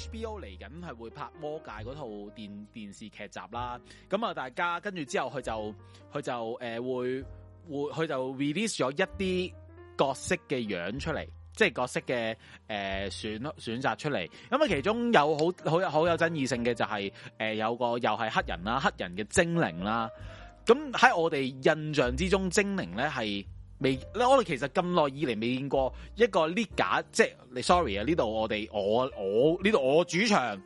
HBO 嚟緊係會拍魔界嗰套電電視劇集啦，咁啊大家跟住之後佢就佢就誒、呃、會會佢就 release 咗一啲角色嘅樣出嚟，即、就、係、是、角色嘅誒、呃、選選擇出嚟。咁啊其中有好好有好有爭議性嘅就係、是、誒、呃、有個又係黑人啦，黑人嘅精靈啦。咁喺我哋印象之中，精靈咧係。未，我哋其實咁耐以嚟未見過一個呢假，即係，你 sorry 啊，呢度我哋我我呢度我主場，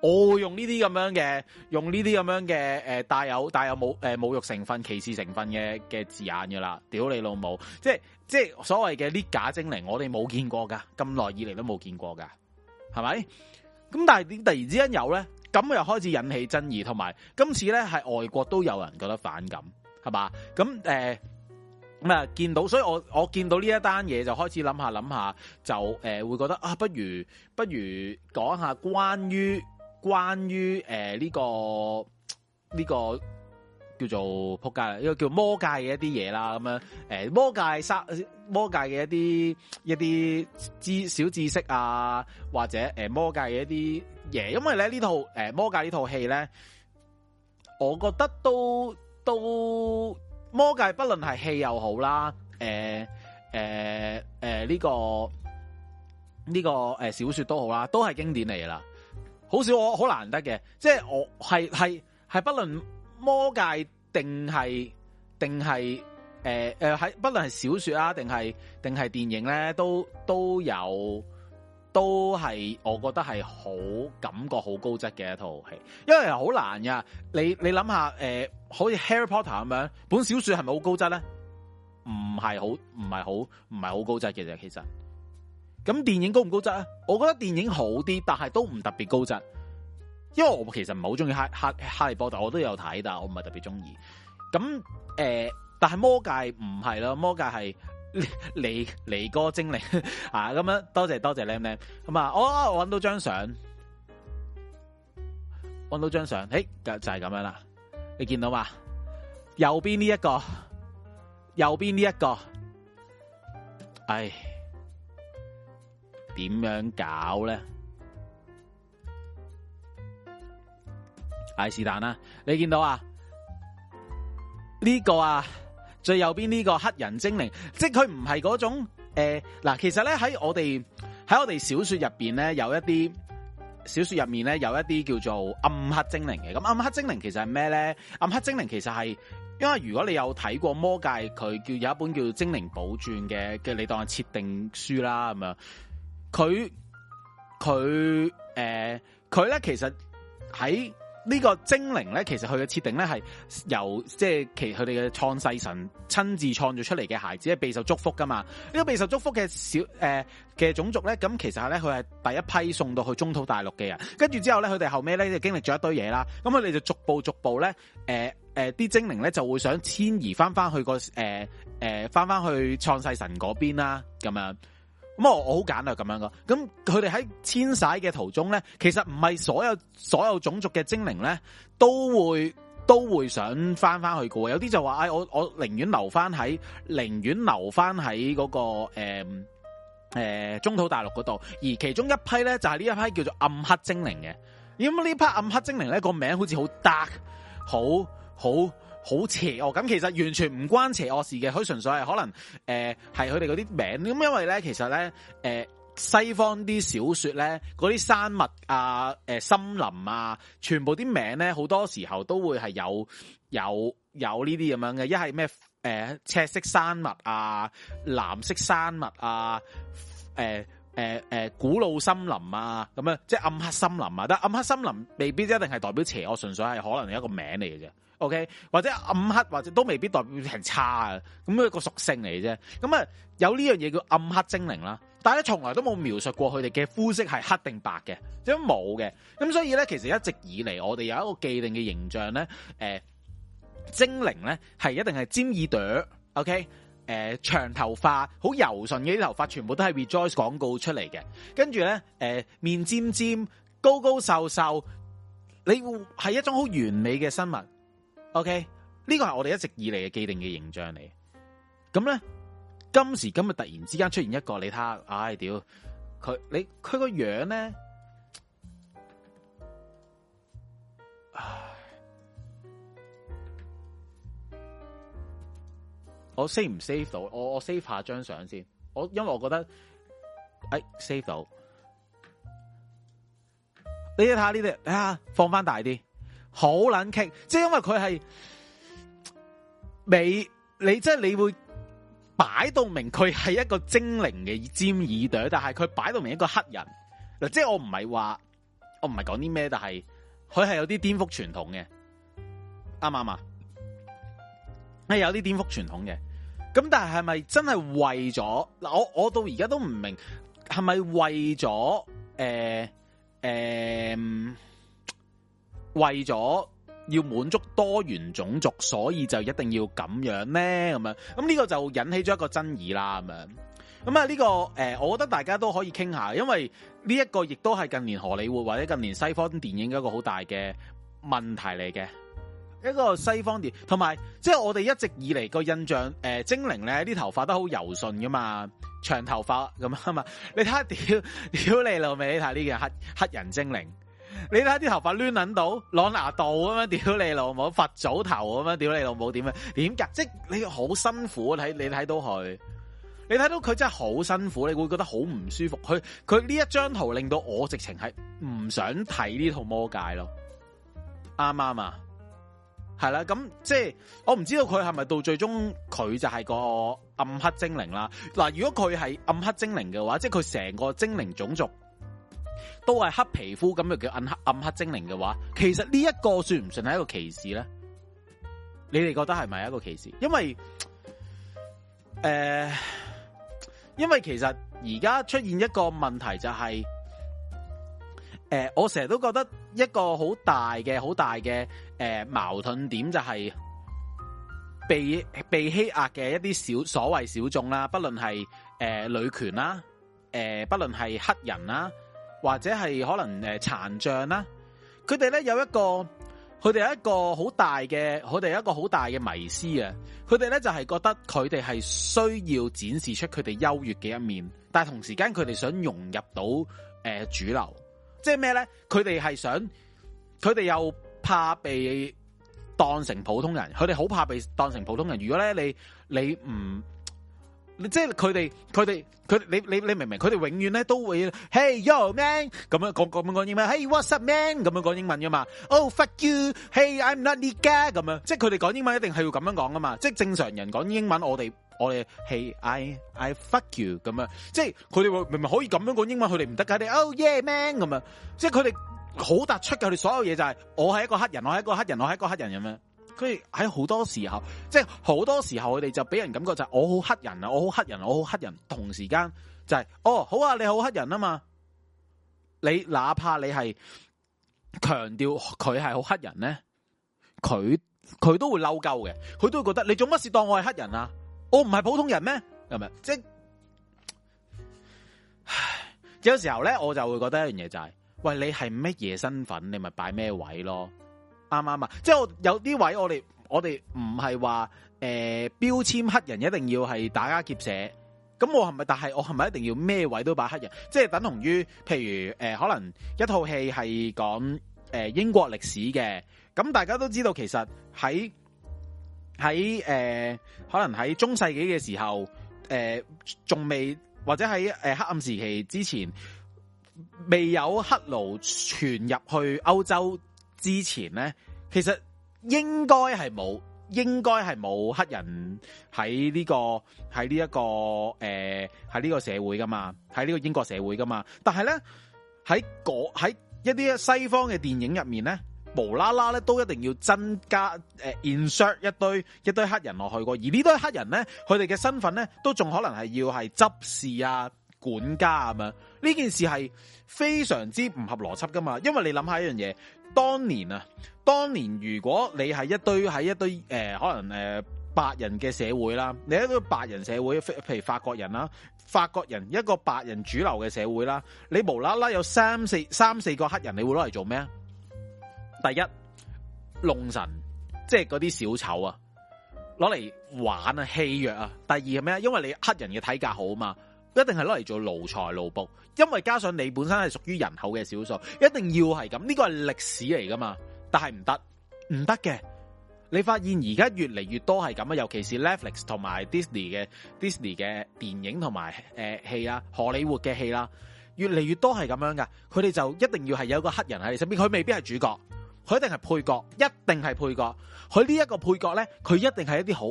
我用呢啲咁樣嘅，用呢啲咁樣嘅，誒、呃，帶有帶有冇誒、呃、侮辱成分、歧視成分嘅嘅字眼噶啦，屌你老母，即係即係所謂嘅呢假精靈，我哋冇見過噶，咁耐以嚟都冇見過噶，係咪？咁但係點突然之間有咧，咁又開始引起爭議，同埋今次咧係外國都有人覺得反感，係嘛？咁誒。呃咁啊，見到，所以我我見到呢一單嘢就開始諗下諗下，就誒、呃、會覺得啊，不如不如講下關於關於呢、呃這個呢、這個、叫做撲街啦，呢個叫魔界嘅一啲嘢啦，咁樣、呃、魔界沙魔界嘅一啲一啲知小知識啊，或者誒、呃、魔界嘅一啲嘢，因為咧呢套、呃、魔界呢套戲咧，我覺得都都。魔界不論係戲又好啦，誒誒誒呢個呢、這個誒、呃、小說都好啦，都係經典嚟噶啦，好少好難得嘅，即係我係係係不論魔界定係定係誒誒喺不論係小說啊，定係定係電影咧，都都有都係我覺得係好感覺好高質嘅一套戲，因為好難噶，你你諗下誒。呃好似《Harry Potter》咁樣，本小說係咪好高質咧？唔係好，唔係好，唔係好高質嘅啫。其實，咁電影高唔高質啊？我覺得電影好啲，但係都唔特別高質。因為我其實唔係好中意《哈哈哈利波特》但我，我都有睇，但係我唔係特別中意。咁誒，但係魔戒唔係咯？魔戒係李李哥精靈 啊！咁樣多謝多謝靚靚咁啊！我我搵到張相，搵到張相，誒，就就係咁樣啦。你見到啊，右邊呢一個，右邊呢一個，唉，點樣搞咧？唉，是但啦。你見到啊？呢、這個啊，最右邊呢個黑人精靈，即係佢唔係嗰種誒，嗱、呃，其實咧喺我哋喺我哋小說入邊咧有一啲。小説入面咧有一啲叫做暗黑精靈嘅，咁暗黑精靈其實係咩咧？暗黑精靈其實係，因為如果你有睇過魔界，佢叫有一本叫做《精靈寶鑽》嘅，嘅你當係設定書啦咁樣。佢佢誒佢咧其實喺。呢個精靈咧，其實佢嘅設定咧係由即係其佢哋嘅創世神親自創造出嚟嘅孩子，係備受祝福㗎嘛。呢個備受祝福嘅小誒嘅、呃、種族咧，咁其實咧佢係第一批送到去中土大陸嘅人。跟住之後咧，佢哋後尾咧就經歷咗一堆嘢啦。咁佢哋就逐步逐步咧，誒誒啲精靈咧就會想遷移返返去個誒誒返返去創世神嗰邊啦，咁樣。咁我我好簡單，咁樣噶，咁佢哋喺遷徙嘅途中咧，其實唔係所有所有種族嘅精靈咧，都會都會想翻翻去嘅，有啲就話，哎，我我寧願留翻喺，寧願留翻喺嗰個誒誒、呃呃、中土大陸嗰度，而其中一批咧就係呢一批叫做暗黑精靈嘅，咁呢批暗黑精靈咧，個名好似好 dark 好好。好邪惡咁，其實完全唔關邪惡事嘅，佢純粹係可能誒，係佢哋嗰啲名咁，因為咧其實咧、呃、西方啲小說咧嗰啲山脈啊、呃、森林啊，全部啲名咧好多時候都會係有有有呢啲咁樣嘅，一係咩誒赤色山脈啊、藍色山脈啊、呃誒誒，古老森林啊，咁樣即係暗黑森林啊，但暗黑森林未必一定係代表邪惡，我純粹係可能一個名嚟嘅啫，OK？或者暗黑或者都未必代表係差啊，咁一個屬性嚟嘅啫。咁啊，有呢樣嘢叫暗黑精靈啦，但係咧從來都冇描述過佢哋嘅膚色係黑定白嘅，即係冇嘅。咁所以咧，其實一直以嚟我哋有一個既定嘅形象咧，誒，精靈咧係一定係尖耳朵，OK？誒，長頭髮好柔順嘅啲頭髮，全部都係 Rejoice 廣告出嚟嘅。跟住咧，誒、呃，面尖尖，高高瘦瘦，你會係一種好完美嘅生物。OK，呢個係我哋一直以嚟嘅既定嘅形象嚟。咁咧，今時今日突然之間出現一個，你睇下，唉、哎、屌，佢你佢個樣咧。我 save 唔 save 到？我我 save 下張相先。我因為我覺得，哎，save 到。你睇睇睇一下呢啲，睇下放翻大啲，好捻傾。即係因為佢係，你你即係你會擺到明佢係一個精靈嘅尖耳朵，但係佢擺到明一個黑人嗱。即係我唔係話，我唔係講啲咩，但係佢係有啲顛覆傳統嘅，啱唔啱啊？係有啲顛覆傳統嘅。咁但係係咪真係為咗嗱？我我到而家都唔明，係咪為咗誒誒，為咗要滿足多元種族，所以就一定要咁樣咧？咁樣咁呢個就引起咗一個爭議啦。咁樣咁啊，呢個誒，我覺得大家都可以傾下，因為呢一個亦都係近年荷里活或者近年西方電影一個好大嘅問題嚟嘅。一個西方碟，同埋即係我哋一直以嚟，個印象，誒、呃、精靈咧啲頭髮都好柔順噶嘛，長頭髮咁啊嘛。你睇下屌，屌你老味，你睇下呢個黑黑人精靈，你睇下啲頭髮攣捻到，攞牙刀，咁樣屌你老母佛祖頭咁樣屌你老母點樣點噶？即係你好辛苦，睇你睇到佢，你睇到佢真係好辛苦，你會覺得好唔舒服。佢佢呢一張圖令到我直情係唔想睇呢套魔戒咯，啱唔啱啊？係啦，咁即係我唔知道佢係咪到最終佢就係個暗黑精靈啦。嗱，如果佢係暗黑精靈嘅話，即係佢成個精靈種族都係黑皮膚，咁就叫暗黑暗黑精靈嘅話，其實呢一個算唔算係一個歧視咧？你哋覺得係咪一個歧視？因為誒、呃，因為其實而家出現一個問題就係、是、誒、呃，我成日都覺得一個好大嘅好大嘅。誒，矛盾點就係被被欺壓嘅一啲小所謂小眾啦，不論係誒、呃、女權啦，誒、呃、不論係黑人啦，或者係可能誒殘障啦，佢哋呢有一個佢哋有一個好大嘅，佢哋有一個好大嘅迷思啊！佢哋呢就係、是、覺得佢哋係需要展示出佢哋優越嘅一面，但係同時間佢哋想融入到誒、呃、主流，即係咩呢？佢哋係想佢哋又。怕被當成普通人，佢哋好怕被當成普通人。如果咧你你唔，你即係佢哋佢哋佢你你你明唔明？佢哋永遠咧都會，Hey Yo Man 咁樣講講講英文，Hey What's Up Man 咁樣講英文噶嘛？Oh Fuck You，Hey I'm Not The Guy 咁樣，即係佢哋講英文一定係要咁樣講噶嘛？即係正常人講英文，我哋我哋 Hey I I Fuck You 咁樣，即係佢哋會明明可以咁樣講英文。佢哋唔得噶，你 Oh Yeah Man 咁樣，即係佢哋。好突出嘅，佢哋所有嘢就係我係一個黑人，我係一個黑人，我係一個黑人咁樣。佢喺好多時候，即係好多時候，佢哋就俾人感覺就係我好黑人啊，我好黑人，我好黑人。同時間就係哦，好啊，你好黑人啊嘛。你哪怕你係強調佢係好黑人咧，佢佢都會嬲夠嘅，佢都會覺得你做乜事當我係黑人啊？我唔係普通人咩？係咪？即係，有時候咧，我就會覺得一樣嘢就係。喂，你係乜嘢身份，你咪擺咩位咯？啱啱啊？即係我有啲位，我哋我哋唔係話誒標籤黑人一定要係打家劫舍，咁我係咪？但係我係咪一定要咩位都擺黑人？即係等同於，譬如誒，可能一套戲係講誒英國歷史嘅，咁大家都知道，其實喺喺誒可能喺中世紀嘅時候，誒仲未或者喺誒黑暗時期之前。未有黑奴傳入去歐洲之前咧，其實應該係冇，應該係冇黑人喺呢個喺呢一個誒喺呢個社會噶嘛喺呢個英國社會噶嘛。但係咧喺喺一啲西方嘅電影入面咧，無啦啦咧都一定要增加誒 ensure 一堆一堆黑人落去個，而呢堆黑人咧，佢哋嘅身份咧都仲可能係要係執事啊、管家啊。呢件事係非常之唔合邏輯噶嘛，因為你諗下一樣嘢，當年啊，當年如果你係一堆喺一堆誒、呃，可能誒、呃、白人嘅社會啦，你喺一堆白人社會，譬如法國人啦，法國人一個白人主流嘅社會啦，你無啦啦有三四三四個黑人，你會攞嚟做咩啊？第一，弄神，即係嗰啲小丑啊，攞嚟玩啊戲謔啊。第二係咩？因為你黑人嘅體格好嘛。一定係攞嚟做奴才奴僕，因為加上你本身係屬於人口嘅少數，一定要係咁，呢、這個係歷史嚟噶嘛。但係唔得，唔得嘅。你發現而家越嚟越多係咁啊，尤其是 Netflix 同埋 Disney 嘅 Disney 嘅電影同埋誒戲啊，荷里活嘅戲啦、啊，越嚟越多係咁樣噶。佢哋就一定要係有個黑人喺你身邊，佢未必係主角，佢一定係配角，一定係配角。佢呢一個配角呢，佢一定係一啲好，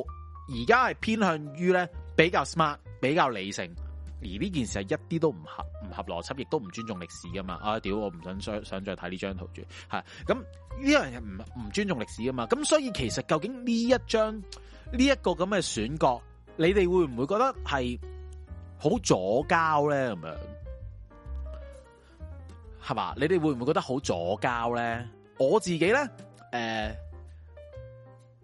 而家係偏向於呢，比較 smart，比較理性。而呢件事係一啲都唔合唔合邏輯，亦都唔尊重歷史㗎嘛？啊屌！我唔想想再睇呢張圖住，係咁呢樣嘢唔唔尊重歷史㗎嘛？咁所以其實究竟呢一張呢一個咁嘅選角，你哋會唔會覺得係好左膠咧咁樣？係嘛？你哋會唔會覺得好左膠咧？我自己咧，誒、呃，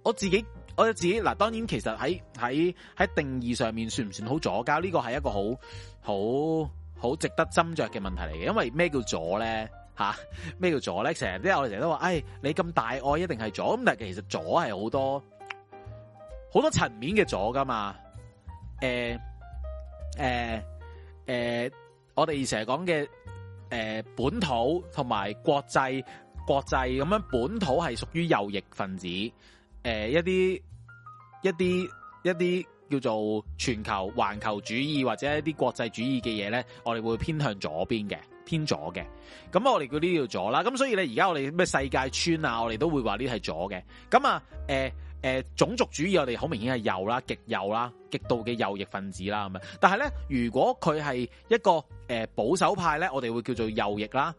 我自己。我自己嗱，當然其實喺喺喺定義上面算唔算好左膠？呢個係一個好好好值得斟酌嘅問題嚟嘅。因為咩叫左咧？吓、啊、咩叫左咧？成日我哋成日都話，誒、哎，你咁大愛一定係左。咁但係其實左係好多好多層面嘅左噶嘛。誒誒誒，我哋成日講嘅誒本土同埋國際國際咁樣，本土係屬於右翼分子。誒、呃，一啲一啲一啲叫做全球環球主義或者一啲國際主義嘅嘢咧，我哋會偏向左邊嘅，偏左嘅。咁我哋叫呢條左啦。咁所以咧，而家我哋咩世界村啊，我哋都會話呢係左嘅。咁啊，誒、呃、誒、呃、種族主義，我哋好明顯係右啦，極右啦，極度嘅右翼分子啦咁樣。但係咧，如果佢係一個誒、呃、保守派咧，我哋會叫做右翼啦。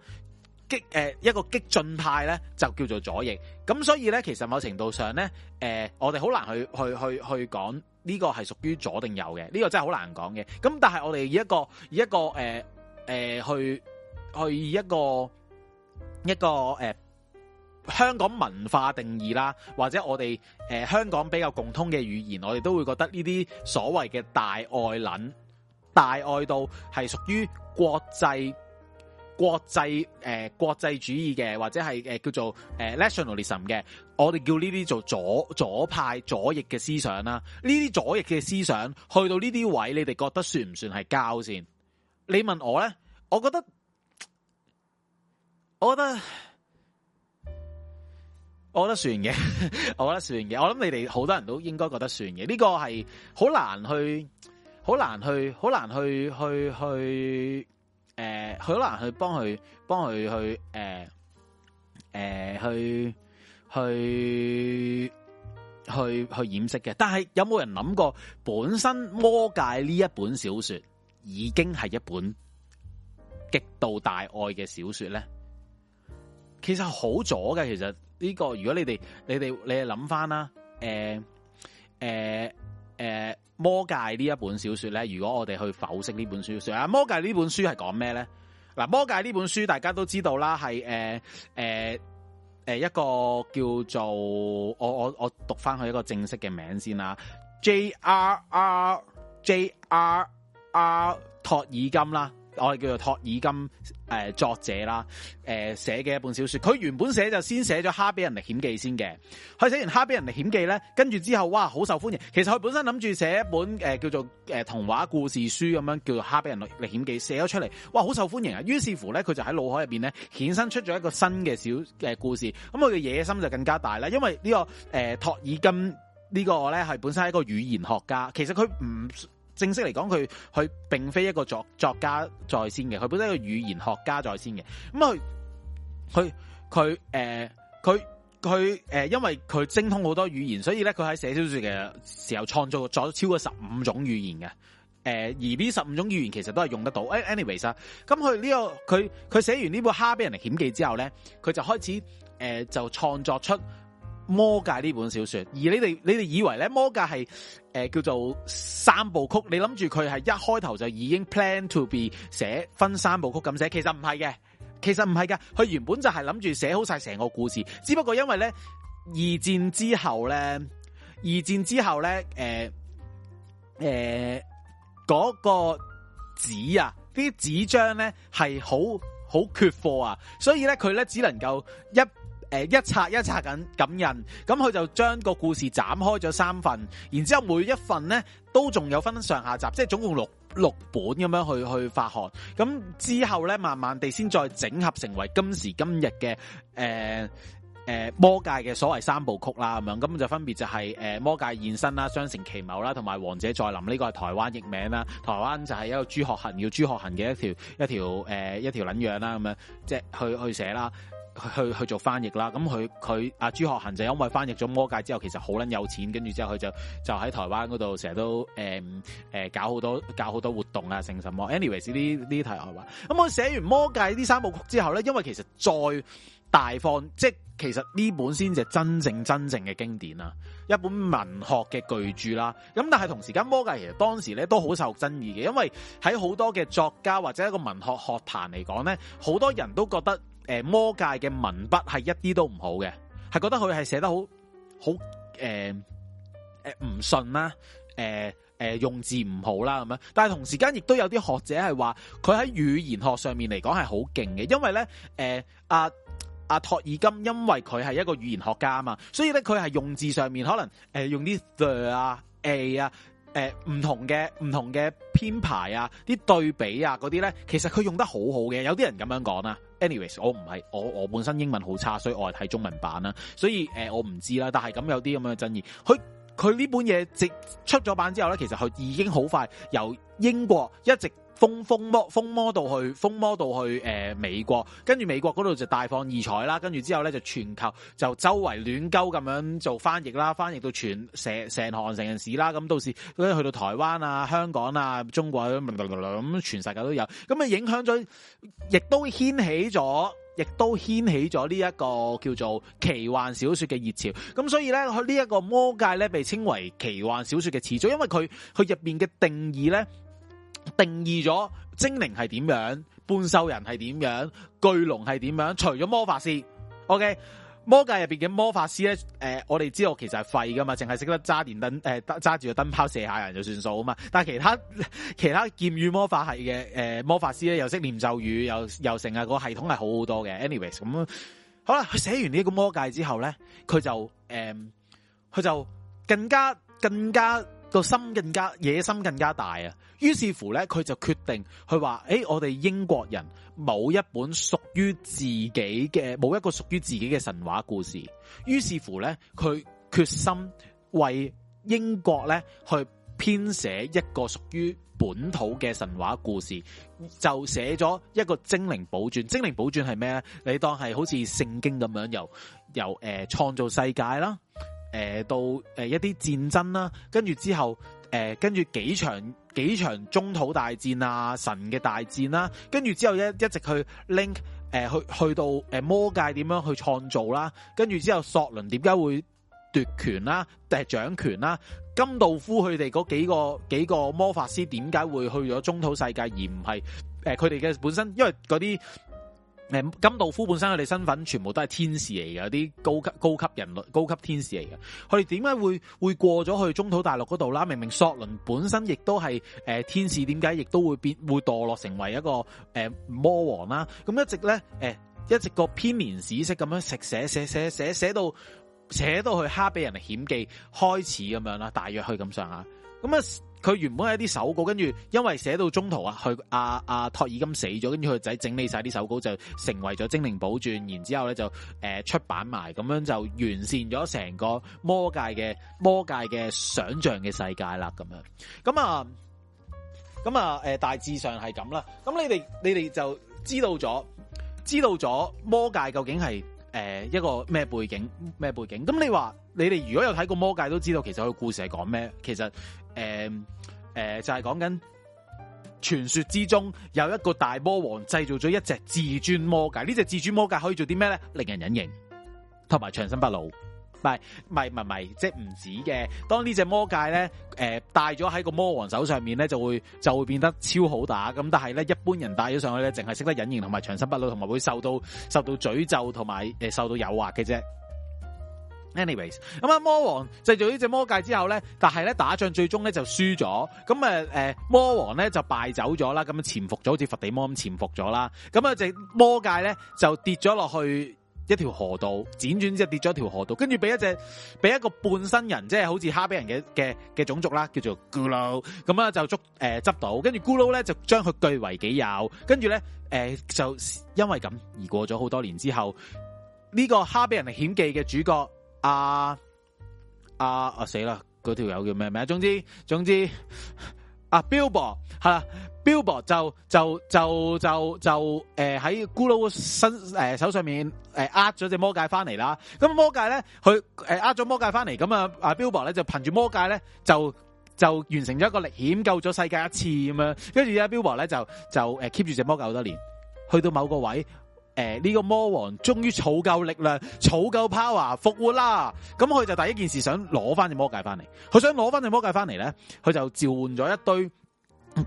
激誒、呃、一個激進派咧就叫做左翼，咁所以咧其實某程度上咧誒、呃、我哋好難去去去去講呢個係屬於左定右嘅，呢、這個真係好難講嘅。咁但係我哋以一個以一個誒誒、呃呃、去去以一個一個誒、呃、香港文化定義啦，或者我哋誒、呃、香港比較共通嘅語言，我哋都會覺得呢啲所謂嘅大愛捻大愛到係屬於國際。國際誒、呃，國際主義嘅或者係誒、呃、叫做誒、呃、nationalism 嘅，我哋叫呢啲做左左派左翼嘅思想啦。呢啲左翼嘅思想去到呢啲位，你哋覺得算唔算係膠先？你問我咧，我覺得，我覺得，我覺得算嘅，我覺得算嘅。我諗你哋好多人都應該覺得算嘅。呢、這個係好難去，好難去，好難，難去，去去。誒、呃，好難去幫佢，幫佢去，誒、呃，誒、呃，去，去，去，去掩飾嘅。但係有冇人諗過，本身《魔界》呢一本小說已經係一本極度大愛嘅小說咧？其實好咗嘅。其實呢、這個，如果你哋，你哋，你哋諗翻啦，誒，誒、呃。呃誒，《魔界》呢一本小說咧，如果我哋去剖析呢本書，啊，《魔界》呢本書係講咩咧？嗱，《魔界》呢本書大家都知道啦，係誒誒誒一個叫做我我我讀翻佢一個正式嘅名先啦，J R R J R R 托爾金啦。我哋叫做托爾金誒作者啦，誒寫嘅一本小說，佢原本寫就先寫咗《哈比人歷險記》先嘅，佢寫完《哈比人歷險記》咧，跟住之後哇，好受歡迎。其實佢本身諗住寫一本誒叫做誒童話故事書咁樣叫做《哈比人歷險記》寫咗出嚟，哇，好受歡迎啊！於是乎咧，佢就喺腦海入邊咧衍生出咗一個新嘅小嘅故事，咁佢嘅野心就更加大啦。因為、呢個呃、個呢個誒托爾金呢個咧係本身係一個語言學家，其實佢唔。正式嚟講，佢佢並非一個作作家在先嘅，佢本身係一個語言學家在先嘅。咁佢佢佢誒，佢佢誒，因為佢精通好多語言，所以咧佢喺寫小說嘅時候創作咗超過十五種語言嘅。誒、呃，而呢十五種語言其實都係用得到。誒，anyways 啊、這個，咁佢呢個佢佢寫完呢部《哈比人歷險記》之後咧，佢就開始誒、呃、就創作出。魔界呢本小說，而你哋你哋以為咧魔界係誒、呃、叫做三部曲，你諗住佢係一開頭就已經 plan to be 寫分三部曲咁寫，其實唔係嘅，其實唔係噶，佢原本就係諗住寫好晒成個故事，只不過因為咧二戰之後咧，二戰之後咧誒誒嗰個紙啊，啲紙張咧係好好缺貨啊，所以咧佢咧只能夠一。誒，一拆一拆緊感人，咁佢就將個故事斬開咗三份，然之後每一份呢都仲有分上下集，即係總共六六本咁樣去去發行。咁之後呢，慢慢地先再整合成為今時今日嘅誒誒魔界嘅所謂三部曲啦，咁樣咁就分別就係、是、誒魔界現身啦、雙城奇謀啦、同埋王者再臨。呢個係台灣譯名啦，台灣就係一個朱學恒要朱學恒嘅一條一條誒一條卵樣啦，咁樣即係去去寫啦。去去做翻譯啦，咁佢佢阿朱學恒就因為翻譯咗《魔界》之後，其實好捻有錢，跟住之後佢就就喺台灣嗰度成日都誒誒、嗯嗯、搞好多搞好多活動啦，成什麼？anyways 呢呢啲題外話。咁我寫完《魔界》呢三部曲之後咧，因為其實再大放，即其實呢本先至真正真正嘅經典啦，一本文學嘅巨著啦。咁但係同時間，《魔界》其實當時咧都好受爭議嘅，因為喺好多嘅作家或者一個文學學壇嚟講咧，好多人都覺得。誒，魔戒嘅文筆係一啲都唔好嘅，係覺得佢係寫得好、呃呃呃呃、好，誒誒唔順啦，誒誒用字唔好啦咁樣，但係同時間亦都有啲學者係話佢喺語言學上面嚟講係好勁嘅，因為咧，誒阿阿托爾金因為佢係一個語言學家嘛，所以咧佢係用字上面可能誒用啲啊、a 啊。誒、呃、唔同嘅唔同嘅編排啊，啲對比啊嗰啲咧，其實佢用得好好嘅。有啲人咁樣講啦、啊。Anyways，我唔係我我本身英文好差，所以我係睇中文版啦、啊。所以誒、呃，我唔知啦。但係咁有啲咁樣嘅爭議。佢佢呢本嘢直出咗版之後咧，其實佢已經好快由英國一直。封封魔封魔到去，封魔到去誒、呃、美國，跟住美國嗰度就大放異彩啦，跟住之後咧就全球就周圍亂鳩咁樣做翻譯啦，翻譯到全成成行成市啦，咁到時去到台灣啊、香港啊、中國咁咁、啊啊、全世界都有，咁啊影響咗，亦都掀起咗，亦都掀起咗呢一個叫做奇幻小說嘅熱潮。咁所以咧，佢呢、這、一個魔界咧被稱為奇幻小說嘅始祖，因為佢佢入邊嘅定義咧。定義咗精靈係點樣，半獸人係點樣，巨龍係點樣？除咗魔法師，OK，魔界入邊嘅魔法師咧，誒、呃，我哋知道其實係廢噶嘛，淨係識得揸電燈，誒、呃，揸住個燈泡射下人就算數啊嘛。但係其他其他劍與魔法係嘅，誒、呃，魔法師咧又識念咒語，又又成日個系統係好好多嘅。anyways，咁好啦，佢寫完呢個魔界之後咧，佢就誒，佢、呃、就更加更加。個心更加野心更加大啊！於是乎呢，佢就決定佢話：，誒、哎，我哋英國人冇一本屬於自己嘅冇一個屬於自己嘅神話故事。於是乎呢，佢決心為英國呢去編寫一個屬於本土嘅神話故事，就寫咗一個精靈寶鑽。精靈寶鑽係咩呢？你當係好似聖經咁樣，由由誒、呃、創造世界啦。誒，到誒一啲戰爭啦，跟住之後，誒跟住幾場幾場中土大戰啊，神嘅大戰啦，跟住之後一一直去 link，誒、呃、去去到誒魔界點樣去創造啦，跟住之後索倫點解會奪權啦，掟、呃、掌權啦，甘道夫佢哋嗰幾個幾個魔法師點解會去咗中土世界，而唔係誒佢哋嘅本身，因為嗰啲。誒，金道夫本身佢哋身份全部都係天使嚟嘅，啲高級高級人類高級天使嚟嘅。佢哋點解會會過咗去了中土大陸嗰度啦？明明索倫本身亦都係誒天使，點解亦都會變會墮落成為一個誒、呃、魔王啦，啊？咁一直咧誒、呃，一直個編年史式咁樣寫寫寫寫寫寫到寫到去《哈比人》歷險記開始咁樣啦，大約去咁上下。咁啊，佢原本係一啲手稿，跟住因為寫到中途啊，佢阿阿托爾金死咗，跟住佢個仔整理晒啲手稿，就成為咗《精靈寶鑽》然，然之後咧就誒出版埋，咁樣就完善咗成個魔界嘅魔界嘅想象嘅世界啦。咁樣，咁啊，咁啊，誒、呃，大致上係咁啦。咁你哋你哋就知道咗，知道咗魔界究竟係誒、呃、一個咩背景咩背景？咁你話你哋如果有睇過魔界，都知道其實佢個故事係講咩？其實。誒、嗯、誒、嗯，就係講緊傳說之中有一個大魔王製造咗一隻至尊魔戒，呢隻至尊魔戒可以做啲咩咧？令人隱形，同埋長生不老。唔係唔係唔係，即係唔止嘅。當呢隻魔戒咧，誒、呃、戴咗喺個魔王手上面咧，就會就會變得超好打。咁但係咧，一般人戴咗上去咧，淨係識得隱形同埋長生不老，同埋會受到受到詛咒同埋誒受到誘惑嘅啫。Anyways，咁啊，魔王製造呢隻魔戒之後咧，但係咧打仗最終咧就輸咗，咁啊誒，魔王咧就敗走咗啦，咁啊潛伏咗好似佛地魔咁潛伏咗啦，咁啊隻魔戒咧就跌咗落去一條河道，輾轉之後跌咗條河道，跟住俾一隻俾一個半身人，即係好似哈比人嘅嘅嘅種族啦，叫做咕嚕，咁啊就捉誒執、呃、到，跟住咕嚕咧就將佢據為己有，跟住咧誒就因為咁而過咗好多年之後，呢、呢個哈比人歷險記嘅主角。阿阿啊死啦！嗰條友叫咩名？總之總之，阿、啊、Billboard 係啦、啊、，Billboard 就就就就就誒喺、呃、咕嚕個身誒、呃、手上面誒呃咗隻、呃、魔戒翻嚟啦。咁魔戒咧，佢誒呃咗魔戒翻嚟，咁啊阿 Billboard 咧就憑住魔戒咧就就完成咗一個歷險，救咗世界一次咁樣。跟住阿 Billboard 咧就就誒 keep 住隻魔戒好多年，去到某個位。誒，呢個魔王終於儲夠力量，儲夠 power 復活啦！咁佢就第一件事想攞翻隻魔戒翻嚟，佢想攞翻隻魔戒翻嚟咧，佢就召喚咗一堆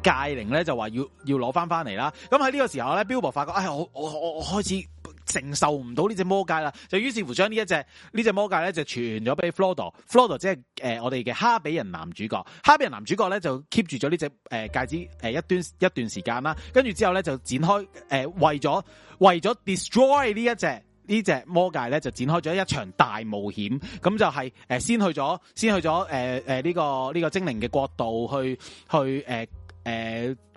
戒靈咧，就話要要攞翻翻嚟啦！咁喺呢個時候咧，Bilbo 發覺，哎，我我我我開始。承受唔到呢隻魔戒啦，就於是乎將呢一隻呢隻魔戒咧就傳咗俾 Frodo，Frodo 即、就、係、是呃、我哋嘅哈比人男主角，哈比人男主角咧就 keep 住咗呢隻戒指、呃、一段一段時間啦，跟住之後咧就展開、呃、為咗為咗 destroy 呢一隻呢隻魔戒咧就展開咗一場大冒險，咁就係、是呃、先去咗先去咗呢、呃這個呢、這個精靈嘅國度去去、呃誒、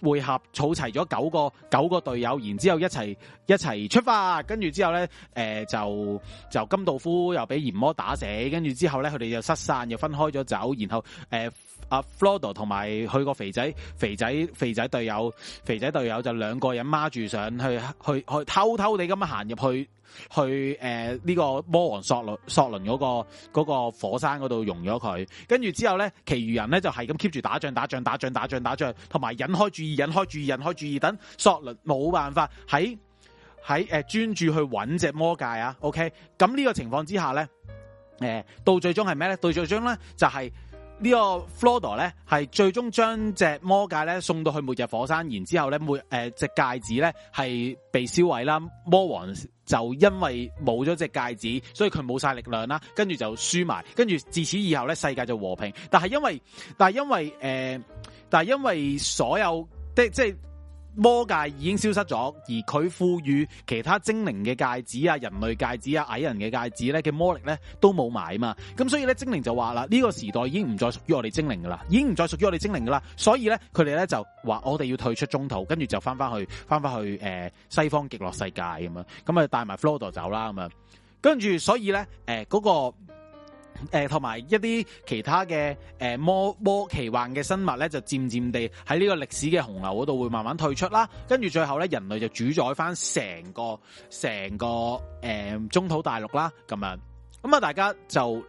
呃，會合，儲齊咗九個九個隊友，然之後一齊一齊出發，跟住之後咧，誒、呃、就就金道夫又俾炎魔打死，跟住之後咧，佢哋又失散，又分開咗走，然後誒阿 Frodo 同埋佢個肥仔肥仔肥仔隊友肥仔隊友就兩個人孖住上去去去，去偷偷地咁樣行入去。去誒呢、呃呢個魔王索倫索倫嗰、嗰個嗰、嗰個火山嗰度融咗佢，跟住之後咧，其餘人咧就係咁 keep 住打仗打仗打仗打仗打仗，同埋引開注意引開注意引開注意，等索倫冇辦法喺喺誒專注去搵隻魔戒啊。OK，咁呢個情況之下咧，誒到最終係咩咧？到最終咧就係、係、呢個 Frodo 咧係最終將隻魔戒咧送到去末日火山，然之後咧末誒隻戒指咧係被燒毀啦，魔王。就因為冇咗隻戒指，所以佢冇晒力量啦，跟住就輸埋，跟住自此以後咧，世界就和平。但係因為，但係因為誒、呃，但係因為所有的，即係。魔戒已經消失咗，而佢賦予其他精靈嘅戒指啊、人類戒指啊、矮人嘅戒指咧嘅魔力咧都冇埋啊嘛，咁所以咧精靈就話啦，呢個時代已經唔再屬於我哋精靈噶啦，已經唔再屬於我哋精靈噶啦，所以咧佢哋咧就話我哋要退出中途，跟住就翻翻去翻翻去誒西方極樂世界咁樣，咁啊帶埋 Frodo 走啦咁樣，跟住所以咧誒嗰個。誒，同埋一啲其他嘅誒魔魔奇幻嘅生物咧，就漸漸地喺呢個歷史嘅洪流嗰度會慢慢退出啦。跟住最後咧，人類就主宰翻成個成個誒、呃、中土大陸啦。咁樣，咁啊，大家就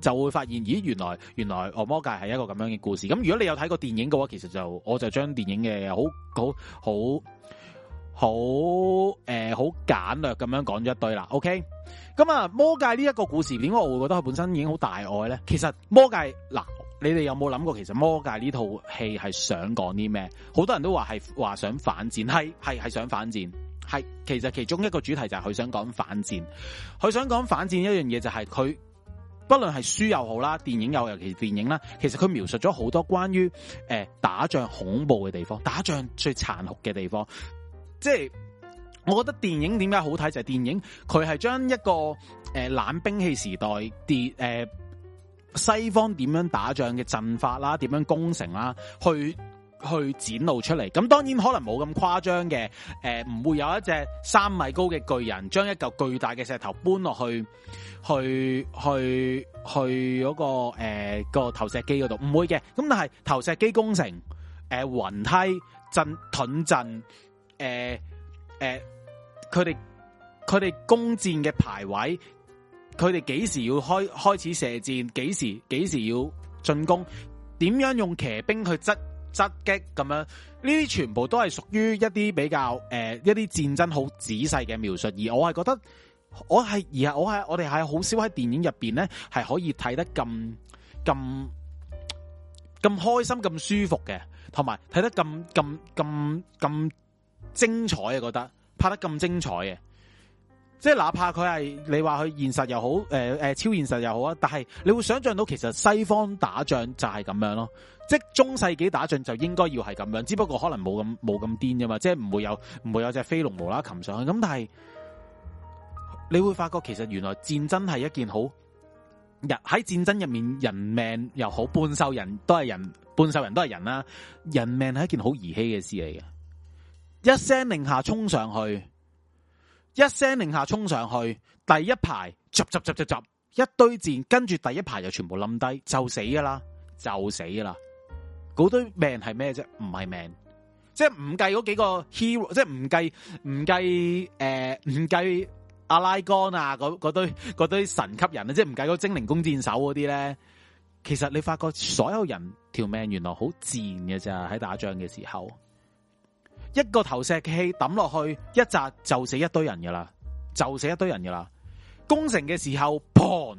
就會發現，咦，原來原來哦魔戒係一個咁樣嘅故事。咁如果你有睇過電影嘅話，其實就我就將電影嘅好好好好誒好簡略咁樣講咗一堆啦。OK。咁啊，魔界呢一個故事點解我會覺得佢本身已經好大愛咧？其實魔界嗱，你哋有冇諗過？其實魔界呢套戲係想講啲咩？好多人都話係，話想反戰，係係係想反戰，係其實其中一個主題就係佢想講反戰。佢想講反戰一樣嘢就係佢不論係書又好啦，電影又好，尤其是電影啦，其實佢描述咗好多關於誒打仗恐怖嘅地方，打仗最殘酷嘅地方，即係。我覺得電影點解好睇就係、是、電影佢係將一個誒、呃、冷兵器時代，跌誒、呃、西方點樣打仗嘅陣法啦，點樣攻城啦，去去展露出嚟。咁當然可能冇咁誇張嘅，誒、呃、唔會有一隻三米高嘅巨人將一嚿巨大嘅石頭搬落去，去去去嗰、那個誒、呃那個投石機嗰度，唔會嘅。咁但係投石機攻城，誒、呃、雲梯陣盾陣，誒、呃。誒、呃，佢哋佢哋弓箭嘅排位，佢哋幾時要開開始射箭？幾時幾時要進攻？點樣用騎兵去側側擊咁樣？呢啲全部都係屬於一啲比較誒、呃、一啲戰爭好仔細嘅描述。而我係覺得，我係而係我係我哋係好少喺電影入邊咧，係可以睇得咁咁咁開心、咁舒服嘅，同埋睇得咁咁咁咁。這麼這麼精彩啊！覺得拍得咁精彩啊，即係哪怕佢係你話佢現實又好，誒、呃、誒超現實又好啊！但係你會想象到，其實西方打仗就係咁樣咯，即係中世紀打仗就應該要係咁樣，只不過可能冇咁冇咁癲啫嘛，即係唔會有唔會有隻飛龍無啦擒上去咁，但係你會發覺其實原來戰爭係一件好人，喺戰爭入面人人人人人，人命又好，半獸人都係人，半獸人都係人啦，人命係一件好兒戲嘅事嚟嘅。一聲令下衝上去，一聲令下衝上去，第一排，集集集集集一堆箭，跟住第一排就全部冧低，就死㗎喇，就死㗎喇。嗰堆命係咩啫？唔係命，即係唔計嗰幾個 hero，即係唔計唔計誒唔、呃、計阿拉貢啊，嗰堆嗰堆神級人啊，即係唔計嗰精靈弓箭手嗰啲咧。其實你發覺所有人條命原來好賤嘅咋，喺打仗嘅時候。一個投石器抌落去，一扎就死一堆人噶啦，就死一堆人噶啦。攻城嘅時候，砰！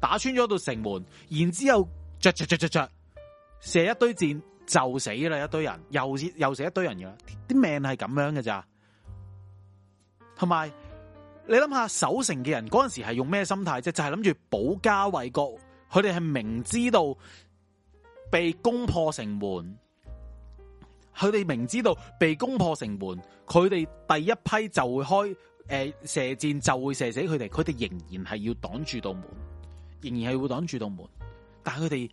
打穿咗度城門，然之後，着着着着，著，射一堆箭，就死啦一堆人，又死又死一堆人噶啦，啲命係咁樣嘅咋。同埋，你諗下守城嘅人嗰陣時係用咩心態啫？就係諗住保家衛國，佢哋係明知道被攻破城門。佢哋明知道被攻破城門，佢哋第一批就會開誒射箭，就會射死佢哋。佢哋仍然係要擋住道門，仍然係會擋住道門。但係佢哋，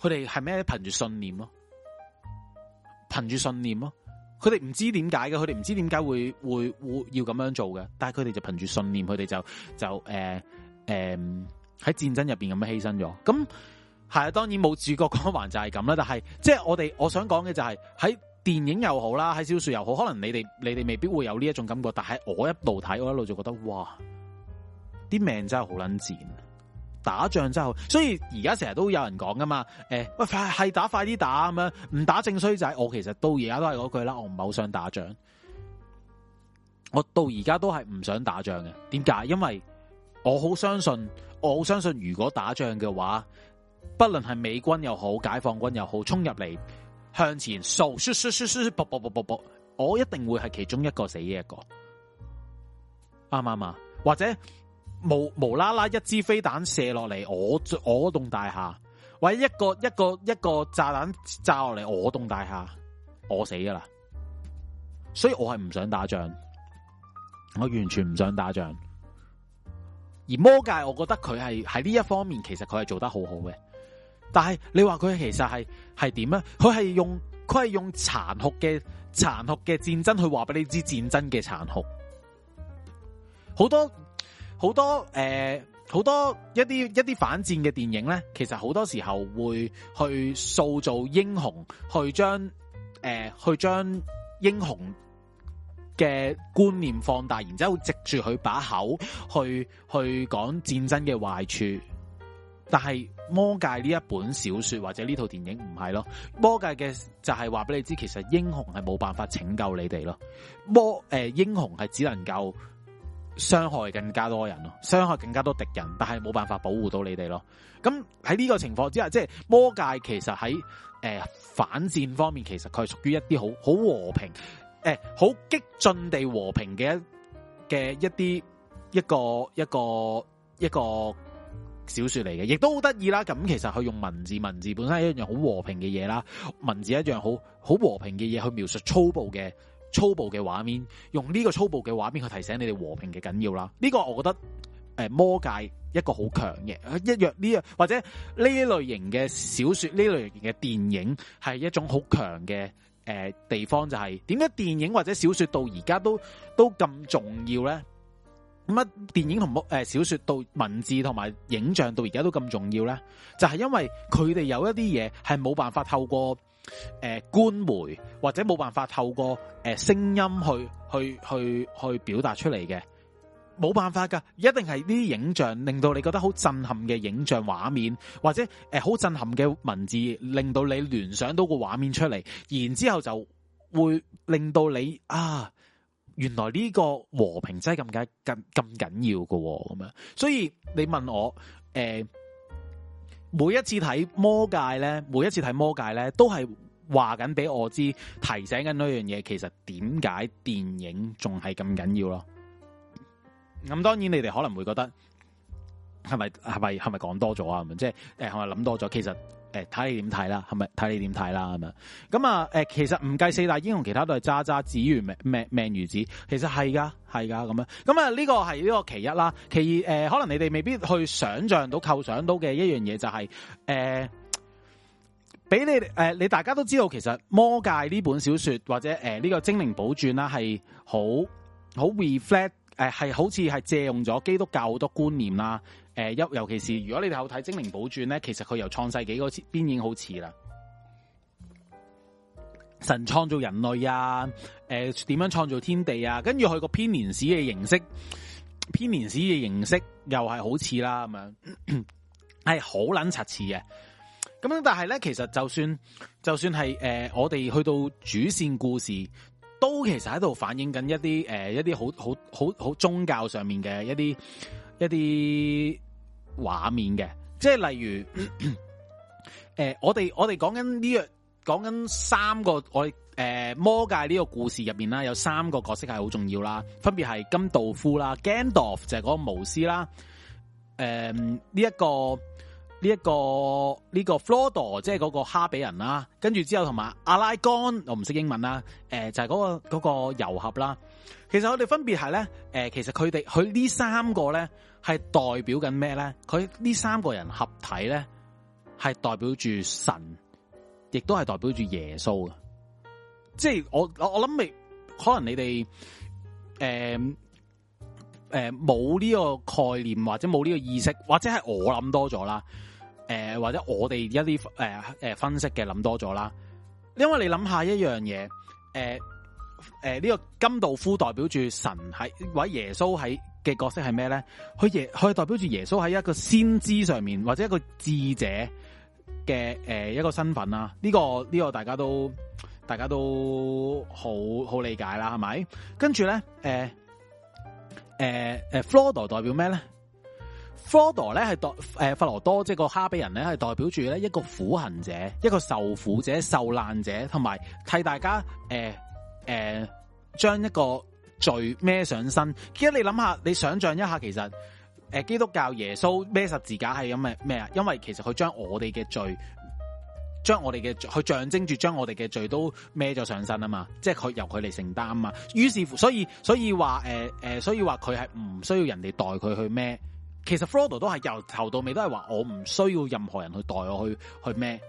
佢哋係咩？憑住信念咯，憑住信念咯。佢哋唔知點解嘅，佢哋唔知點解會會會要咁樣做嘅。但係佢哋就憑住信念，佢哋就就誒誒喺戰爭入邊咁樣犧牲咗。咁係啊，當然冇主角光環就係咁啦。但係即係我哋我想講嘅就係喺。電影又好啦，喺小說又好，可能你哋你哋未必會有呢一種感覺，但係我一路睇，我一路就覺得哇，啲命真係好撚賤，打仗真係好。所以而家成日都有人講噶嘛，誒、欸，喂，快係打快啲打咁樣，唔打正衰仔。我其實到而家都係嗰句啦，我唔係好想打仗。我到而家都係唔想打仗嘅。點解？因為我好相信，我好相信，如果打仗嘅話，不論係美軍又好，解放軍又好，衝入嚟。向前掃，刷刷刷刷，啵啵啵啵，我一定會係其中一個死嘅一個，啱唔啱啊？或者無無啦啦一支飛彈射落嚟，我我棟大廈，或者一個一個一個炸彈炸落嚟，我棟大廈，我死㗎啦！所以我係唔想打仗，我完全唔想打仗。而魔界，我覺得佢係喺呢一方面，其實佢係做得好好嘅。但係你話佢其實係係點咧？佢係用佢係用殘酷嘅殘酷嘅戰爭去話俾你知戰爭嘅殘酷。好多好多誒，好多一啲一啲反戰嘅電影咧，其實好多時候會去塑造英雄，去將誒去將英雄嘅觀念放大，然之後藉住佢把口去去講戰爭嘅壞處。但係魔界呢一本小說或者呢套電影唔係咯，魔界嘅就係話俾你知，其實英雄係冇辦法拯救你哋咯，魔，魔、呃、誒英雄係只能夠傷害更加多人咯，傷害更加多敵人，但係冇辦法保護到你哋咯。咁喺呢個情況之下，即係魔界其實喺誒、呃、反戰方面，其實佢係屬於一啲好好和平，誒、呃、好激進地和平嘅一嘅一啲一個一個一個。一個一個一個小說嚟嘅，亦都好得意啦。咁其實佢用文字，文字本身係一樣好和平嘅嘢啦。文字一樣好好和平嘅嘢，去描述粗暴嘅粗暴嘅畫面，用呢個粗暴嘅畫面去提醒你哋和平嘅緊要啦。呢個我覺得，誒魔界一個好強嘅，一樣呢，或者呢類型嘅小說，呢類型嘅電影係一種好強嘅誒地方，就係點解電影或者小說到而家都都咁重要咧？乜電影同誒小說到文字同埋影像到而家都咁重要呢？就係、是、因為佢哋有一啲嘢係冇辦法透過誒、呃、官媒或者冇辦法透過誒、呃、聲音去去去去表達出嚟嘅，冇辦法㗎，一定係呢啲影像令到你覺得好震撼嘅影像畫面或者誒好、呃、震撼嘅文字，令到你聯想到個畫面出嚟，然之後就會令到你啊。原來呢個和平真係咁緊咁咁緊要噶咁所以你問我誒，每一次睇魔界咧，每一次睇魔界咧，都係話緊俾我知，提醒緊呢樣嘢，其實點解電影仲係咁緊要咯？咁當然，你哋可能會覺得係咪係咪係咪講多咗啊？咁即係誒，係咪諗多咗？其實。睇你點睇啦，係咪？睇你點睇啦咁樣。咁啊，誒，其實唔計四大英雄，其他都係渣渣，子如命，命命如子。其實係噶，係噶咁樣。咁啊，呢、這個係呢個其一啦。其二，誒、呃，可能你哋未必去想象到、構想到嘅一樣嘢、就是，就係誒，俾你誒、呃，你大家都知道，其實《魔界》呢本小說或者誒呢、呃這個精靈寶《精靈寶鑽》啦，係好好 reflect。誒，係好似係借用咗基督教好多觀念啦。誒，尤尤其是如果你哋有睇《精靈寶鑽》咧，其實佢由創世紀嗰邊已經好似啦。神創造人類啊，誒、呃，點樣創造天地啊？跟住佢個編年史嘅形式，編年史嘅形式又係好似啦咁樣，係好撚柒似嘅。咁樣但係咧，其實就算就算係誒、呃，我哋去到主線故事。都其實喺度反映緊一啲誒、呃、一啲好好好好宗教上面嘅一啲一啲畫面嘅，即係例如誒、呃、我哋我哋講緊呢、這個、講緊三個我誒、呃、魔界呢個故事入邊啦，有三個角色係好重要啦，分別係金道夫啦，Gandalf 就係嗰個巫師啦，誒呢一個。呢、這、一個呢、這個 Flodo 即係嗰個哈比人啦，跟住之後同埋阿拉貢，我唔識英文啦，誒、呃、就係、是、嗰、那個嗰、那個遊俠啦。其實我哋分別係咧，誒、呃、其實佢哋佢呢三個咧係代表緊咩咧？佢呢三個人合體咧係代表住神，亦都係代表住耶穌嘅。即係我我我諗你可能你哋誒誒冇呢個概念或者冇呢個意識，或者係我諗多咗啦。誒、呃，或者我哋一啲誒誒分析嘅諗多咗啦，因為你諗下一樣嘢，誒誒呢個甘道夫代表住神，或者耶穌喺嘅角色係咩咧？佢耶佢代表住耶穌喺一個先知上面，或者一個智者嘅誒、呃、一個身份啦。呢、這個呢、這個大家都大家都好好理解啦，係咪？跟住咧，誒誒誒 Frodo 代表咩咧？弗羅多咧，係代誒，弗羅多即係個哈比人咧，係代表住咧一個苦行者，一個受苦者、受難者，同埋替大家誒誒將一個罪孭上身。其實你諗下，你想象一下，其實誒、呃、基督教耶穌孭十字架係因為咩啊？因為其實佢將我哋嘅罪，將我哋嘅佢象徵住將我哋嘅罪都孭咗上身啊嘛，即係佢由佢嚟承擔啊嘛。於是乎，所以所以話誒誒，所以話佢係唔需要人哋代佢去孭。其實 Frodo 都係由頭到尾都係話我唔需要任何人去代我去去咩，